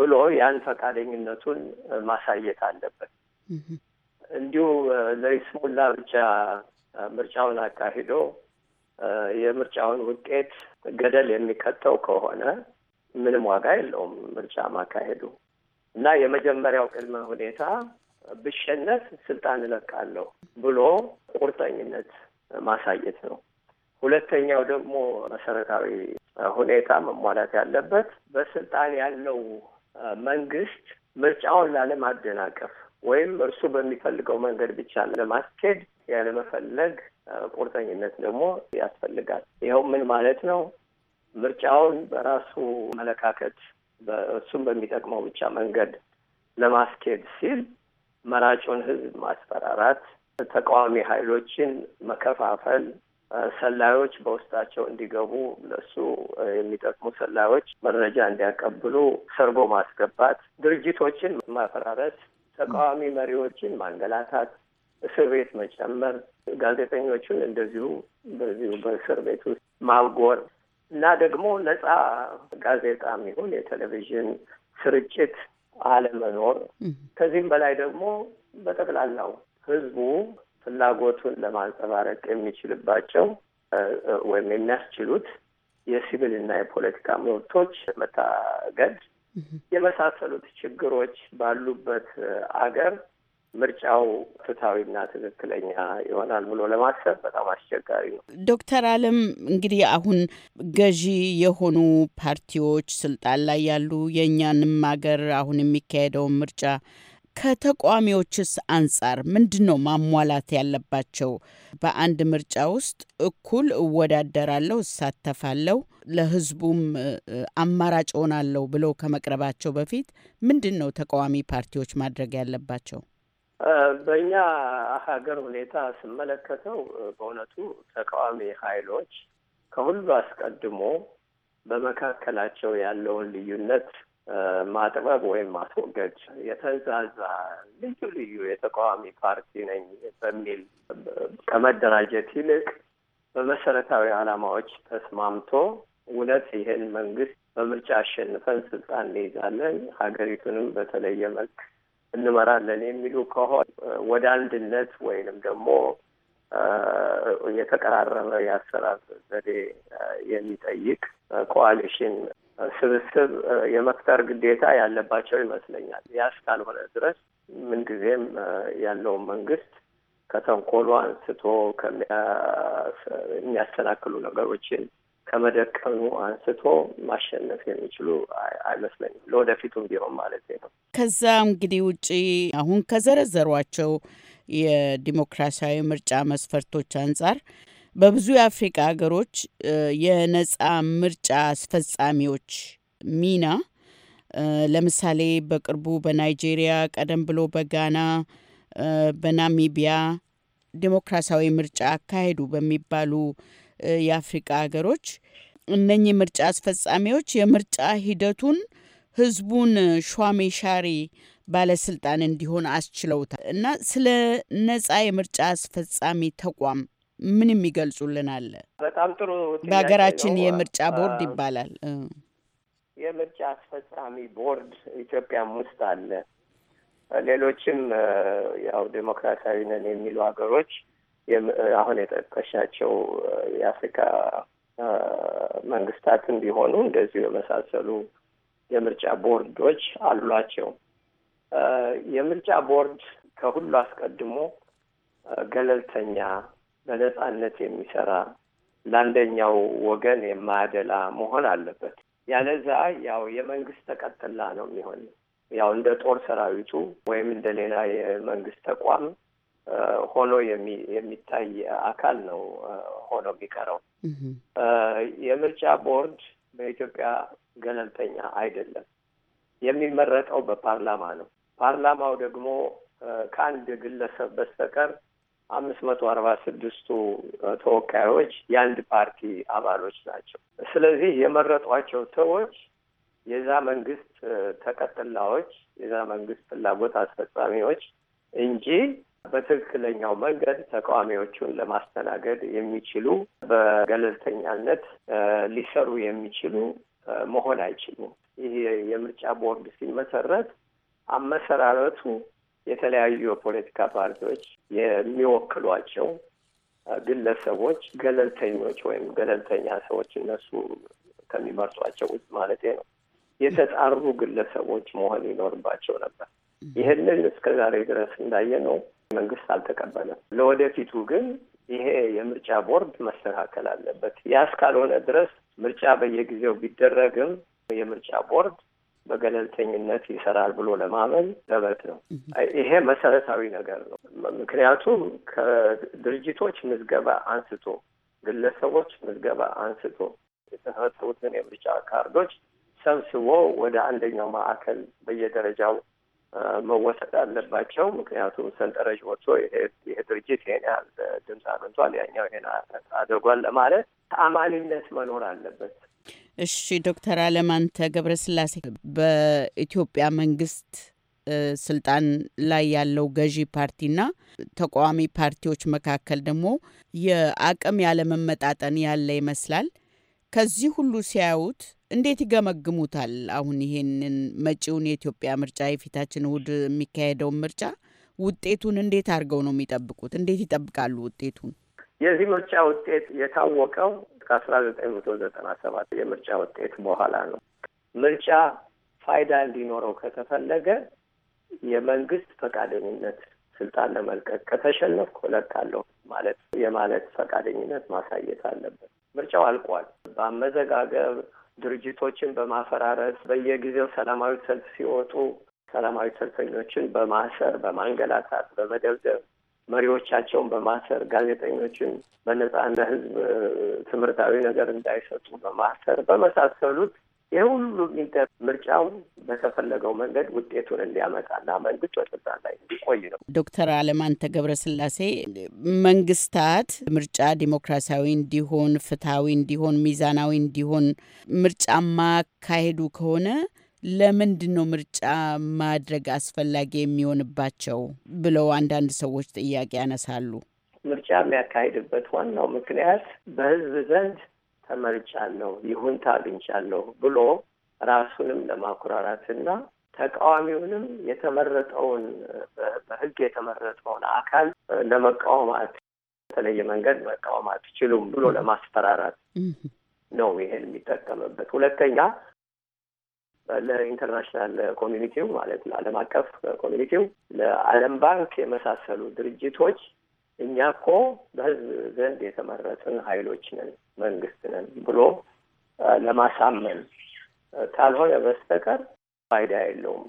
F: ብሎ ያን ፈቃደኝነቱን ማሳየት አለበት። እንዲሁ ለይስሙላ ብቻ ምርጫውን አካሂዶ የምርጫውን ውጤት ገደል የሚከተው ከሆነ ምንም ዋጋ የለውም ምርጫ ማካሄዱ እና የመጀመሪያው ቅድመ ሁኔታ ብሸነፍ ስልጣን እለቃለሁ ብሎ ቁርጠኝነት ማሳየት ነው። ሁለተኛው ደግሞ መሰረታዊ ሁኔታ መሟላት ያለበት በስልጣን ያለው መንግስት ምርጫውን ላለማደናቀፍ ወይም እርሱ በሚፈልገው መንገድ ብቻ ለማስኬድ ያለመፈለግ ቁርጠኝነት ደግሞ ያስፈልጋል። ይኸው ምን ማለት ነው? ምርጫውን በራሱ አመለካከት እሱን በሚጠቅመው ብቻ መንገድ ለማስኬድ ሲል መራጩን ሕዝብ ማስፈራራት፣ ተቃዋሚ ኃይሎችን መከፋፈል፣ ሰላዮች በውስጣቸው እንዲገቡ ለሱ የሚጠቅሙ ሰላዮች መረጃ እንዲያቀብሉ ሰርጎ ማስገባት፣ ድርጅቶችን ማፈራረስ ተቃዋሚ መሪዎችን ማንገላታት፣ እስር ቤት መጨመር፣ ጋዜጠኞችን እንደዚሁ በዚሁ በእስር ቤት ውስጥ ማጎር እና ደግሞ ነጻ ጋዜጣ የሚሆን የቴሌቪዥን ስርጭት አለመኖር ከዚህም በላይ ደግሞ በጠቅላላው ህዝቡ ፍላጎቱን ለማንጸባረቅ የሚችልባቸው ወይም የሚያስችሉት የሲቪል እና የፖለቲካ መብቶች መታገድ የመሳሰሉት ችግሮች ባሉበት አገር ምርጫው ፍትሐዊና ትክክለኛ ይሆናል ብሎ ለማሰብ በጣም አስቸጋሪ ነው።
L: ዶክተር አለም እንግዲህ አሁን ገዢ የሆኑ ፓርቲዎች ስልጣን ላይ ያሉ የእኛንም አገር አሁን የሚካሄደውን ምርጫ ከተቃዋሚዎችስ አንጻር ምንድን ነው ማሟላት ያለባቸው? በአንድ ምርጫ ውስጥ እኩል እወዳደራለሁ፣ እሳተፋለሁ፣ ለህዝቡም አማራጭ ሆናለሁ ብለው ከመቅረባቸው በፊት ምንድን ነው ተቃዋሚ ፓርቲዎች ማድረግ ያለባቸው?
F: በእኛ ሀገር ሁኔታ ስመለከተው በእውነቱ ተቃዋሚ ኃይሎች ከሁሉ አስቀድሞ በመካከላቸው ያለውን ልዩነት ማጥበብ ወይም ማስወገድ የተዛዛ ልዩ ልዩ የተቃዋሚ ፓርቲ ነኝ በሚል ከመደራጀት ይልቅ በመሰረታዊ ዓላማዎች ተስማምቶ እውነት ይህን መንግስት በምርጫ አሸንፈን ስልጣን እንይዛለን፣ ሀገሪቱንም በተለየ መልክ እንመራለን የሚሉ ከሆነ ወደ አንድነት ወይንም ደግሞ የተቀራረበ የአሰራር ዘዴ የሚጠይቅ ኮዋሊሽን ስብስብ የመፍጠር ግዴታ ያለባቸው ይመስለኛል። ያ እስካልሆነ ድረስ ምንጊዜም ያለውን መንግስት ከተንኮሉ አንስቶ የሚያሰናክሉ ነገሮችን ከመደቀኑ አንስቶ ማሸነፍ የሚችሉ አይመስለኝም። ለወደፊቱም ቢሆን ማለት ነው።
L: ከዛ እንግዲህ ውጪ አሁን ከዘረዘሯቸው የዲሞክራሲያዊ ምርጫ መስፈርቶች አንጻር በብዙ የአፍሪካ ሀገሮች የነጻ ምርጫ አስፈጻሚዎች ሚና ለምሳሌ በቅርቡ በናይጄሪያ፣ ቀደም ብሎ በጋና፣ በናሚቢያ ዴሞክራሲያዊ ምርጫ አካሄዱ በሚባሉ የአፍሪካ ሀገሮች እነኚህ ምርጫ አስፈጻሚዎች የምርጫ ሂደቱን ህዝቡን ሿሚ ሻሪ ባለስልጣን እንዲሆን አስችለውታል እና ስለ ነጻ የምርጫ አስፈጻሚ ተቋም ምን የሚገልጹልን አለ?
F: በጣም ጥሩ። በሀገራችን የምርጫ ቦርድ ይባላል። የምርጫ አስፈጻሚ ቦርድ ኢትዮጵያም ውስጥ አለ። ሌሎችም ያው ዴሞክራሲያዊ ነን የሚሉ ሀገሮች አሁን የጠቀሻቸው የአፍሪካ መንግስታትም ቢሆኑ እንደዚሁ የመሳሰሉ የምርጫ ቦርዶች አሏቸው። የምርጫ ቦርድ ከሁሉ አስቀድሞ ገለልተኛ በነጻነት የሚሰራ ለአንደኛው ወገን የማያደላ መሆን አለበት። ያለዛ ያው የመንግስት ተቀጥላ ነው የሚሆን። ያው እንደ ጦር ሰራዊቱ ወይም እንደ ሌላ የመንግስት ተቋም ሆኖ የሚታይ አካል ነው ሆኖ የሚቀረው። የምርጫ ቦርድ በኢትዮጵያ ገለልተኛ አይደለም። የሚመረጠው በፓርላማ ነው። ፓርላማው ደግሞ ከአንድ ግለሰብ በስተቀር አምስት መቶ አርባ ስድስቱ ተወካዮች የአንድ ፓርቲ አባሎች ናቸው። ስለዚህ የመረጧቸው ሰዎች የዛ መንግስት ተቀጥላዎች፣ የዛ መንግስት ፍላጎት አስፈጻሚዎች እንጂ በትክክለኛው መንገድ ተቃዋሚዎቹን ለማስተናገድ የሚችሉ በገለልተኛነት ሊሰሩ የሚችሉ መሆን አይችሉም። ይህ የምርጫ ቦርድ ሲመሰረት አመሰራረቱ የተለያዩ የፖለቲካ ፓርቲዎች የሚወክሏቸው ግለሰቦች ገለልተኞች ወይም ገለልተኛ ሰዎች እነሱ ከሚመርጧቸው ውስጥ ማለት ነው የተጣሩ ግለሰቦች መሆን ይኖርባቸው ነበር። ይህንን እስከ ዛሬ ድረስ ነው መንግስት አልተቀበለም። ለወደፊቱ ግን ይሄ የምርጫ ቦርድ መስተካከል አለበት። ያ እስካልሆነ ድረስ ምርጫ በየጊዜው ቢደረግም የምርጫ ቦርድ በገለልተኝነት ይሰራል ብሎ ለማመን ለበት ነው። ይሄ መሰረታዊ ነገር ነው። ምክንያቱም ከድርጅቶች ምዝገባ አንስቶ ግለሰቦች ምዝገባ አንስቶ የተሰበሰቡትን የምርጫ ካርዶች ሰብስቦ ወደ አንደኛው ማዕከል በየደረጃው መወሰድ አለባቸው። ምክንያቱም ሰንጠረዥ ወጥቶ ይሄ ድርጅት ይሄን ያህል ድምፅ አግኝቷል፣ ያኛው ይሄን አድርጓል ለማለት ተአማኒነት መኖር አለበት።
L: እሺ ዶክተር አለማንተ ገብረስላሴ በኢትዮጵያ መንግስት ስልጣን ላይ ያለው ገዢ ፓርቲና ተቃዋሚ ፓርቲዎች መካከል ደግሞ የአቅም ያለመመጣጠን ያለ ይመስላል። ከዚህ ሁሉ ሲያዩት እንዴት ይገመግሙታል? አሁን ይሄንን መጪውን የኢትዮጵያ ምርጫ የፊታችን እሁድ የሚካሄደውን ምርጫ ውጤቱን እንዴት አድርገው ነው የሚጠብቁት? እንዴት ይጠብቃሉ ውጤቱን?
F: የዚህ ምርጫ ውጤት የታወቀው ከአስራ ዘጠኝ መቶ ዘጠና ሰባት የምርጫ ውጤት በኋላ ነው። ምርጫ ፋይዳ እንዲኖረው ከተፈለገ የመንግስት ፈቃደኝነት ስልጣን ለመልቀቅ ከተሸነፍኩ እለቃለሁ ማለት የማለት ፈቃደኝነት ማሳየት አለበት። ምርጫው አልቋል። በአመዘጋገብ ድርጅቶችን በማፈራረስ በየጊዜው ሰላማዊ ሰልፍ ሲወጡ ሰላማዊ ሰልፈኞችን በማሰር በማንገላታት፣ በመደብደብ መሪዎቻቸውን በማሰር ጋዜጠኞችን በነጻ ህዝብ ትምህርታዊ ነገር እንዳይሰጡ በማሰር በመሳሰሉት ይህ ሁሉ ምርጫው በተፈለገው መንገድ ውጤቱን እንዲያመጣና መንግስት በስልጣን ላይ እንዲቆይ ነው።
L: ዶክተር አለማንተ ገብረስላሴ መንግስታት ምርጫ ዲሞክራሲያዊ እንዲሆን፣ ፍትሐዊ እንዲሆን፣ ሚዛናዊ እንዲሆን ምርጫ ማካሄዱ ከሆነ ለምንድን ነው ምርጫ ማድረግ አስፈላጊ የሚሆንባቸው ብለው አንዳንድ ሰዎች ጥያቄ ያነሳሉ።
F: ምርጫ የሚያካሂድበት ዋናው ምክንያት በህዝብ ዘንድ ተመርጫለሁ፣ ይሁንታ አግኝቻለሁ ብሎ ራሱንም ለማኩራራትና ተቃዋሚውንም የተመረጠውን በህግ የተመረጠውን አካል ለመቃወማት በተለየ መንገድ መቃወማት አትችሉም ብሎ ለማስፈራራት ነው ይሄን የሚጠቀምበት። ሁለተኛ ለኢንተርናሽናል ኮሚኒቲው ማለት ለዓለም አቀፍ ኮሚኒቲው፣ ለዓለም ባንክ የመሳሰሉ ድርጅቶች እኛ እኮ በህዝብ ዘንድ የተመረጥን ኃይሎች ነን፣ መንግስት ነን ብሎ ለማሳመን ካልሆነ በስተቀር ፋይዳ የለውም።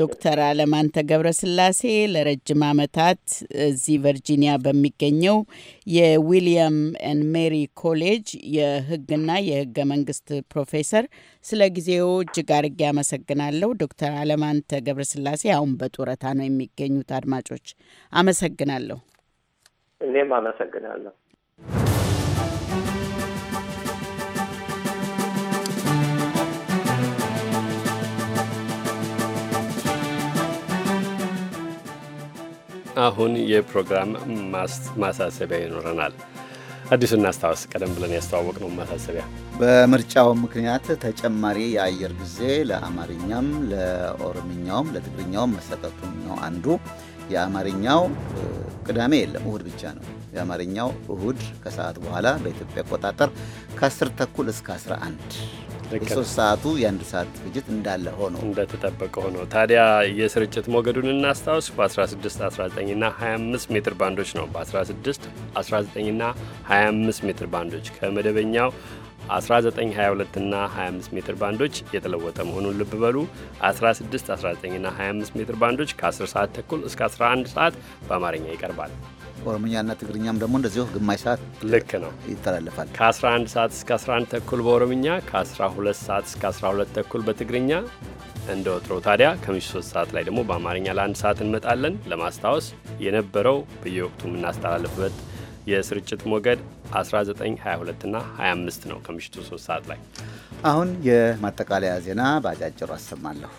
L: ዶክተር አለማንተ ገብረስላሴ ለረጅም ዓመታት እዚህ ቨርጂኒያ በሚገኘው የዊሊያም ኤን ሜሪ ኮሌጅ የሕግና የሕገ መንግስት ፕሮፌሰር፣ ስለ ጊዜው እጅግ አድርጌ አመሰግናለሁ። ዶክተር አለማንተ ገብረስላሴ አሁን በጡረታ ነው የሚገኙት። አድማጮች አመሰግናለሁ።
F: እኔም አመሰግናለሁ።
A: አሁን የፕሮግራም ማሳሰቢያ ይኖረናል። አዲሱ እናስታውስ። ቀደም ብለን ያስተዋወቅ ነው ማሳሰቢያ
C: በምርጫው ምክንያት ተጨማሪ የአየር ጊዜ ለአማርኛም፣ ለኦሮምኛውም ለትግርኛውም መሰጠቱ ነው አንዱ። የአማርኛው ቅዳሜ የለም እሁድ ብቻ ነው። የአማርኛው እሁድ ከሰዓት በኋላ በኢትዮጵያ አቆጣጠር ከ10 ተኩል እስከ 11 የሶስት ሰዓቱ የአንድ ሰዓት ፍጅት እንዳለ ሆኖ እንደተጠበቀ ሆኖ
A: ታዲያ የስርጭት ሞገዱን እናስታውስ። በ16፣ 19 እና 25 ሜትር ባንዶች ነው። በ16፣ 19 እና 25 ሜትር ባንዶች ከመደበኛው 1922 እና 25 ሜትር ባንዶች የተለወጠ መሆኑን ልብ በሉ። 16፣ 19 እና 25 ሜትር ባንዶች ከ10 ሰዓት ተኩል እስከ 11 ሰዓት በአማርኛ ይቀርባል።
C: ኦሮምኛና ትግርኛም ደግሞ እንደዚሁ ግማሽ ሰዓት ልክ ነው
A: ይተላለፋል። ከ11 ሰዓት እስከ 11 ተኩል በኦሮምኛ ከ12 ሰዓት እስከ 12 ተኩል በትግርኛ እንደ ወትሮ ታዲያ ከምሽቱ 3 ሰዓት ላይ ደግሞ በአማርኛ ለአንድ ሰዓት እንመጣለን። ለማስታወስ የነበረው በየወቅቱ የምናስተላልፍበት የስርጭት ሞገድ 1922 እና 25 ነው ከምሽቱ 3 ሰዓት ላይ።
C: አሁን የማጠቃለያ ዜና በአጫጭሩ አሰማለሁ።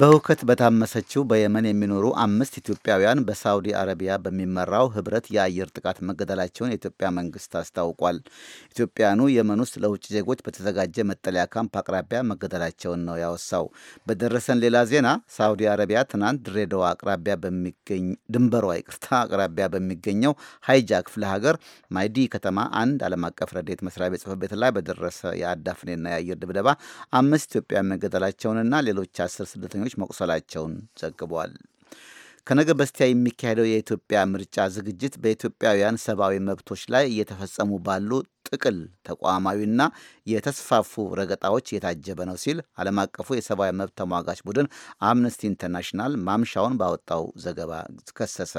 C: በሁከት በታመሰችው በየመን የሚኖሩ አምስት ኢትዮጵያውያን በሳውዲ አረቢያ በሚመራው ህብረት የአየር ጥቃት መገደላቸውን የኢትዮጵያ መንግስት አስታውቋል። ኢትዮጵያኑ የመን ውስጥ ለውጭ ዜጎች በተዘጋጀ መጠለያ ካምፕ አቅራቢያ መገደላቸውን ነው ያወሳው። በደረሰን ሌላ ዜና ሳውዲ አረቢያ ትናንት ድሬዳዋ አቅራቢያ በሚገኝ ድንበሯ ይቅርታ አቅራቢያ በሚገኘው ሃይጃ ክፍለ ሀገር ማይዲ ከተማ አንድ ዓለም አቀፍ ረዴት መስሪያ ቤት ጽሕፈት ቤት ላይ በደረሰ የአዳፍኔና የአየር ድብደባ አምስት ኢትዮጵያ መገደላቸውንና ሌሎች አስር ስደተኞች ሰልፈኞች መቁሰላቸውን ዘግቧል። ከነገ በስቲያ የሚካሄደው የኢትዮጵያ ምርጫ ዝግጅት በኢትዮጵያውያን ሰብአዊ መብቶች ላይ እየተፈጸሙ ባሉ ጥቅል ተቋማዊና የተስፋፉ ረገጣዎች የታጀበ ነው ሲል ዓለም አቀፉ የሰብአዊ መብት ተሟጋች ቡድን አምነስቲ ኢንተርናሽናል ማምሻውን ባወጣው ዘገባ ከሰሰ።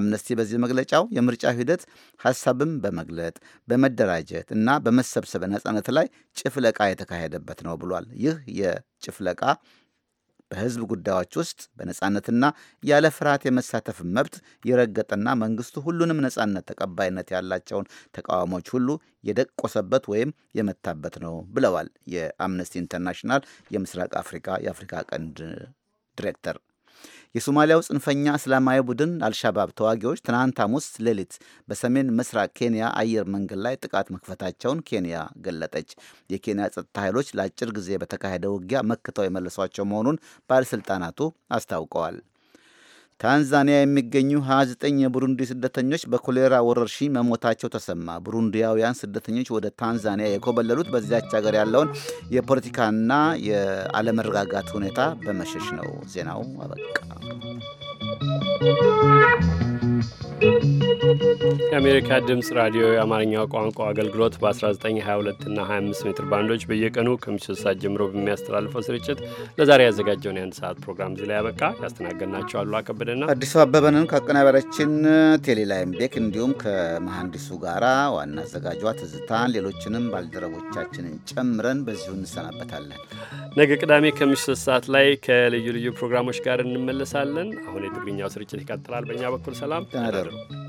C: አምነስቲ በዚህ መግለጫው የምርጫ ሂደት ሀሳብን በመግለጥ በመደራጀት እና በመሰብሰብ ነጻነት ላይ ጭፍለቃ የተካሄደበት ነው ብሏል። ይህ የጭፍለቃ በህዝብ ጉዳዮች ውስጥ በነጻነትና ያለ ፍርሃት የመሳተፍ መብት የረገጠና መንግስቱ ሁሉንም ነጻነት፣ ተቀባይነት ያላቸውን ተቃዋሞች ሁሉ የደቆሰበት ወይም የመታበት ነው ብለዋል የአምነስቲ ኢንተርናሽናል የምስራቅ አፍሪካ የአፍሪካ ቀንድ ዲሬክተር። የሶማሊያው ጽንፈኛ እስላማዊ ቡድን አልሻባብ ተዋጊዎች ትናንት ሐሙስ ሌሊት በሰሜን ምስራቅ ኬንያ አየር መንገድ ላይ ጥቃት መክፈታቸውን ኬንያ ገለጠች። የኬንያ ጸጥታ ኃይሎች ለአጭር ጊዜ በተካሄደ ውጊያ መክተው የመለሷቸው መሆኑን ባለሥልጣናቱ አስታውቀዋል። ታንዛኒያ የሚገኙ 29 የቡሩንዲ ስደተኞች በኮሌራ ወረርሽኝ መሞታቸው ተሰማ። ቡሩንዲያውያን ስደተኞች ወደ ታንዛኒያ የኮበለሉት በዚያች ሀገር ያለውን የፖለቲካና የአለመረጋጋት ሁኔታ በመሸሽ ነው። ዜናው አበቃ።
A: የአሜሪካ ድምፅ ራዲዮ የአማርኛ ቋንቋ አገልግሎት በ1922 እና 25 ሜትር ባንዶች በየቀኑ ከምሽቱ ሰዓት ጀምሮ በሚያስተላልፈው ስርጭት ለዛሬ ያዘጋጀውን የአንድ ሰዓት ፕሮግራም እዚህ ላይ ያበቃ። ያስተናገድናቸው አሉ አከበደና
C: አዲሱ አበበንን ከአቀናባሪያችን ቴሌላይም ቤክ እንዲሁም ከመሐንዲሱ ጋር ዋና አዘጋጇ ትዝታ ሌሎችንም ባልደረቦቻችንን ጨምረን በዚሁ እንሰናበታለን።
A: ነገ ቅዳሜ ከምሽቱ ሰዓት ላይ ከልዩ ልዩ ፕሮግራሞች ጋር እንመለሳለን። አሁን የትግርኛው ስርጭት ይቀጥላል። በእኛ በኩል ሰላም you.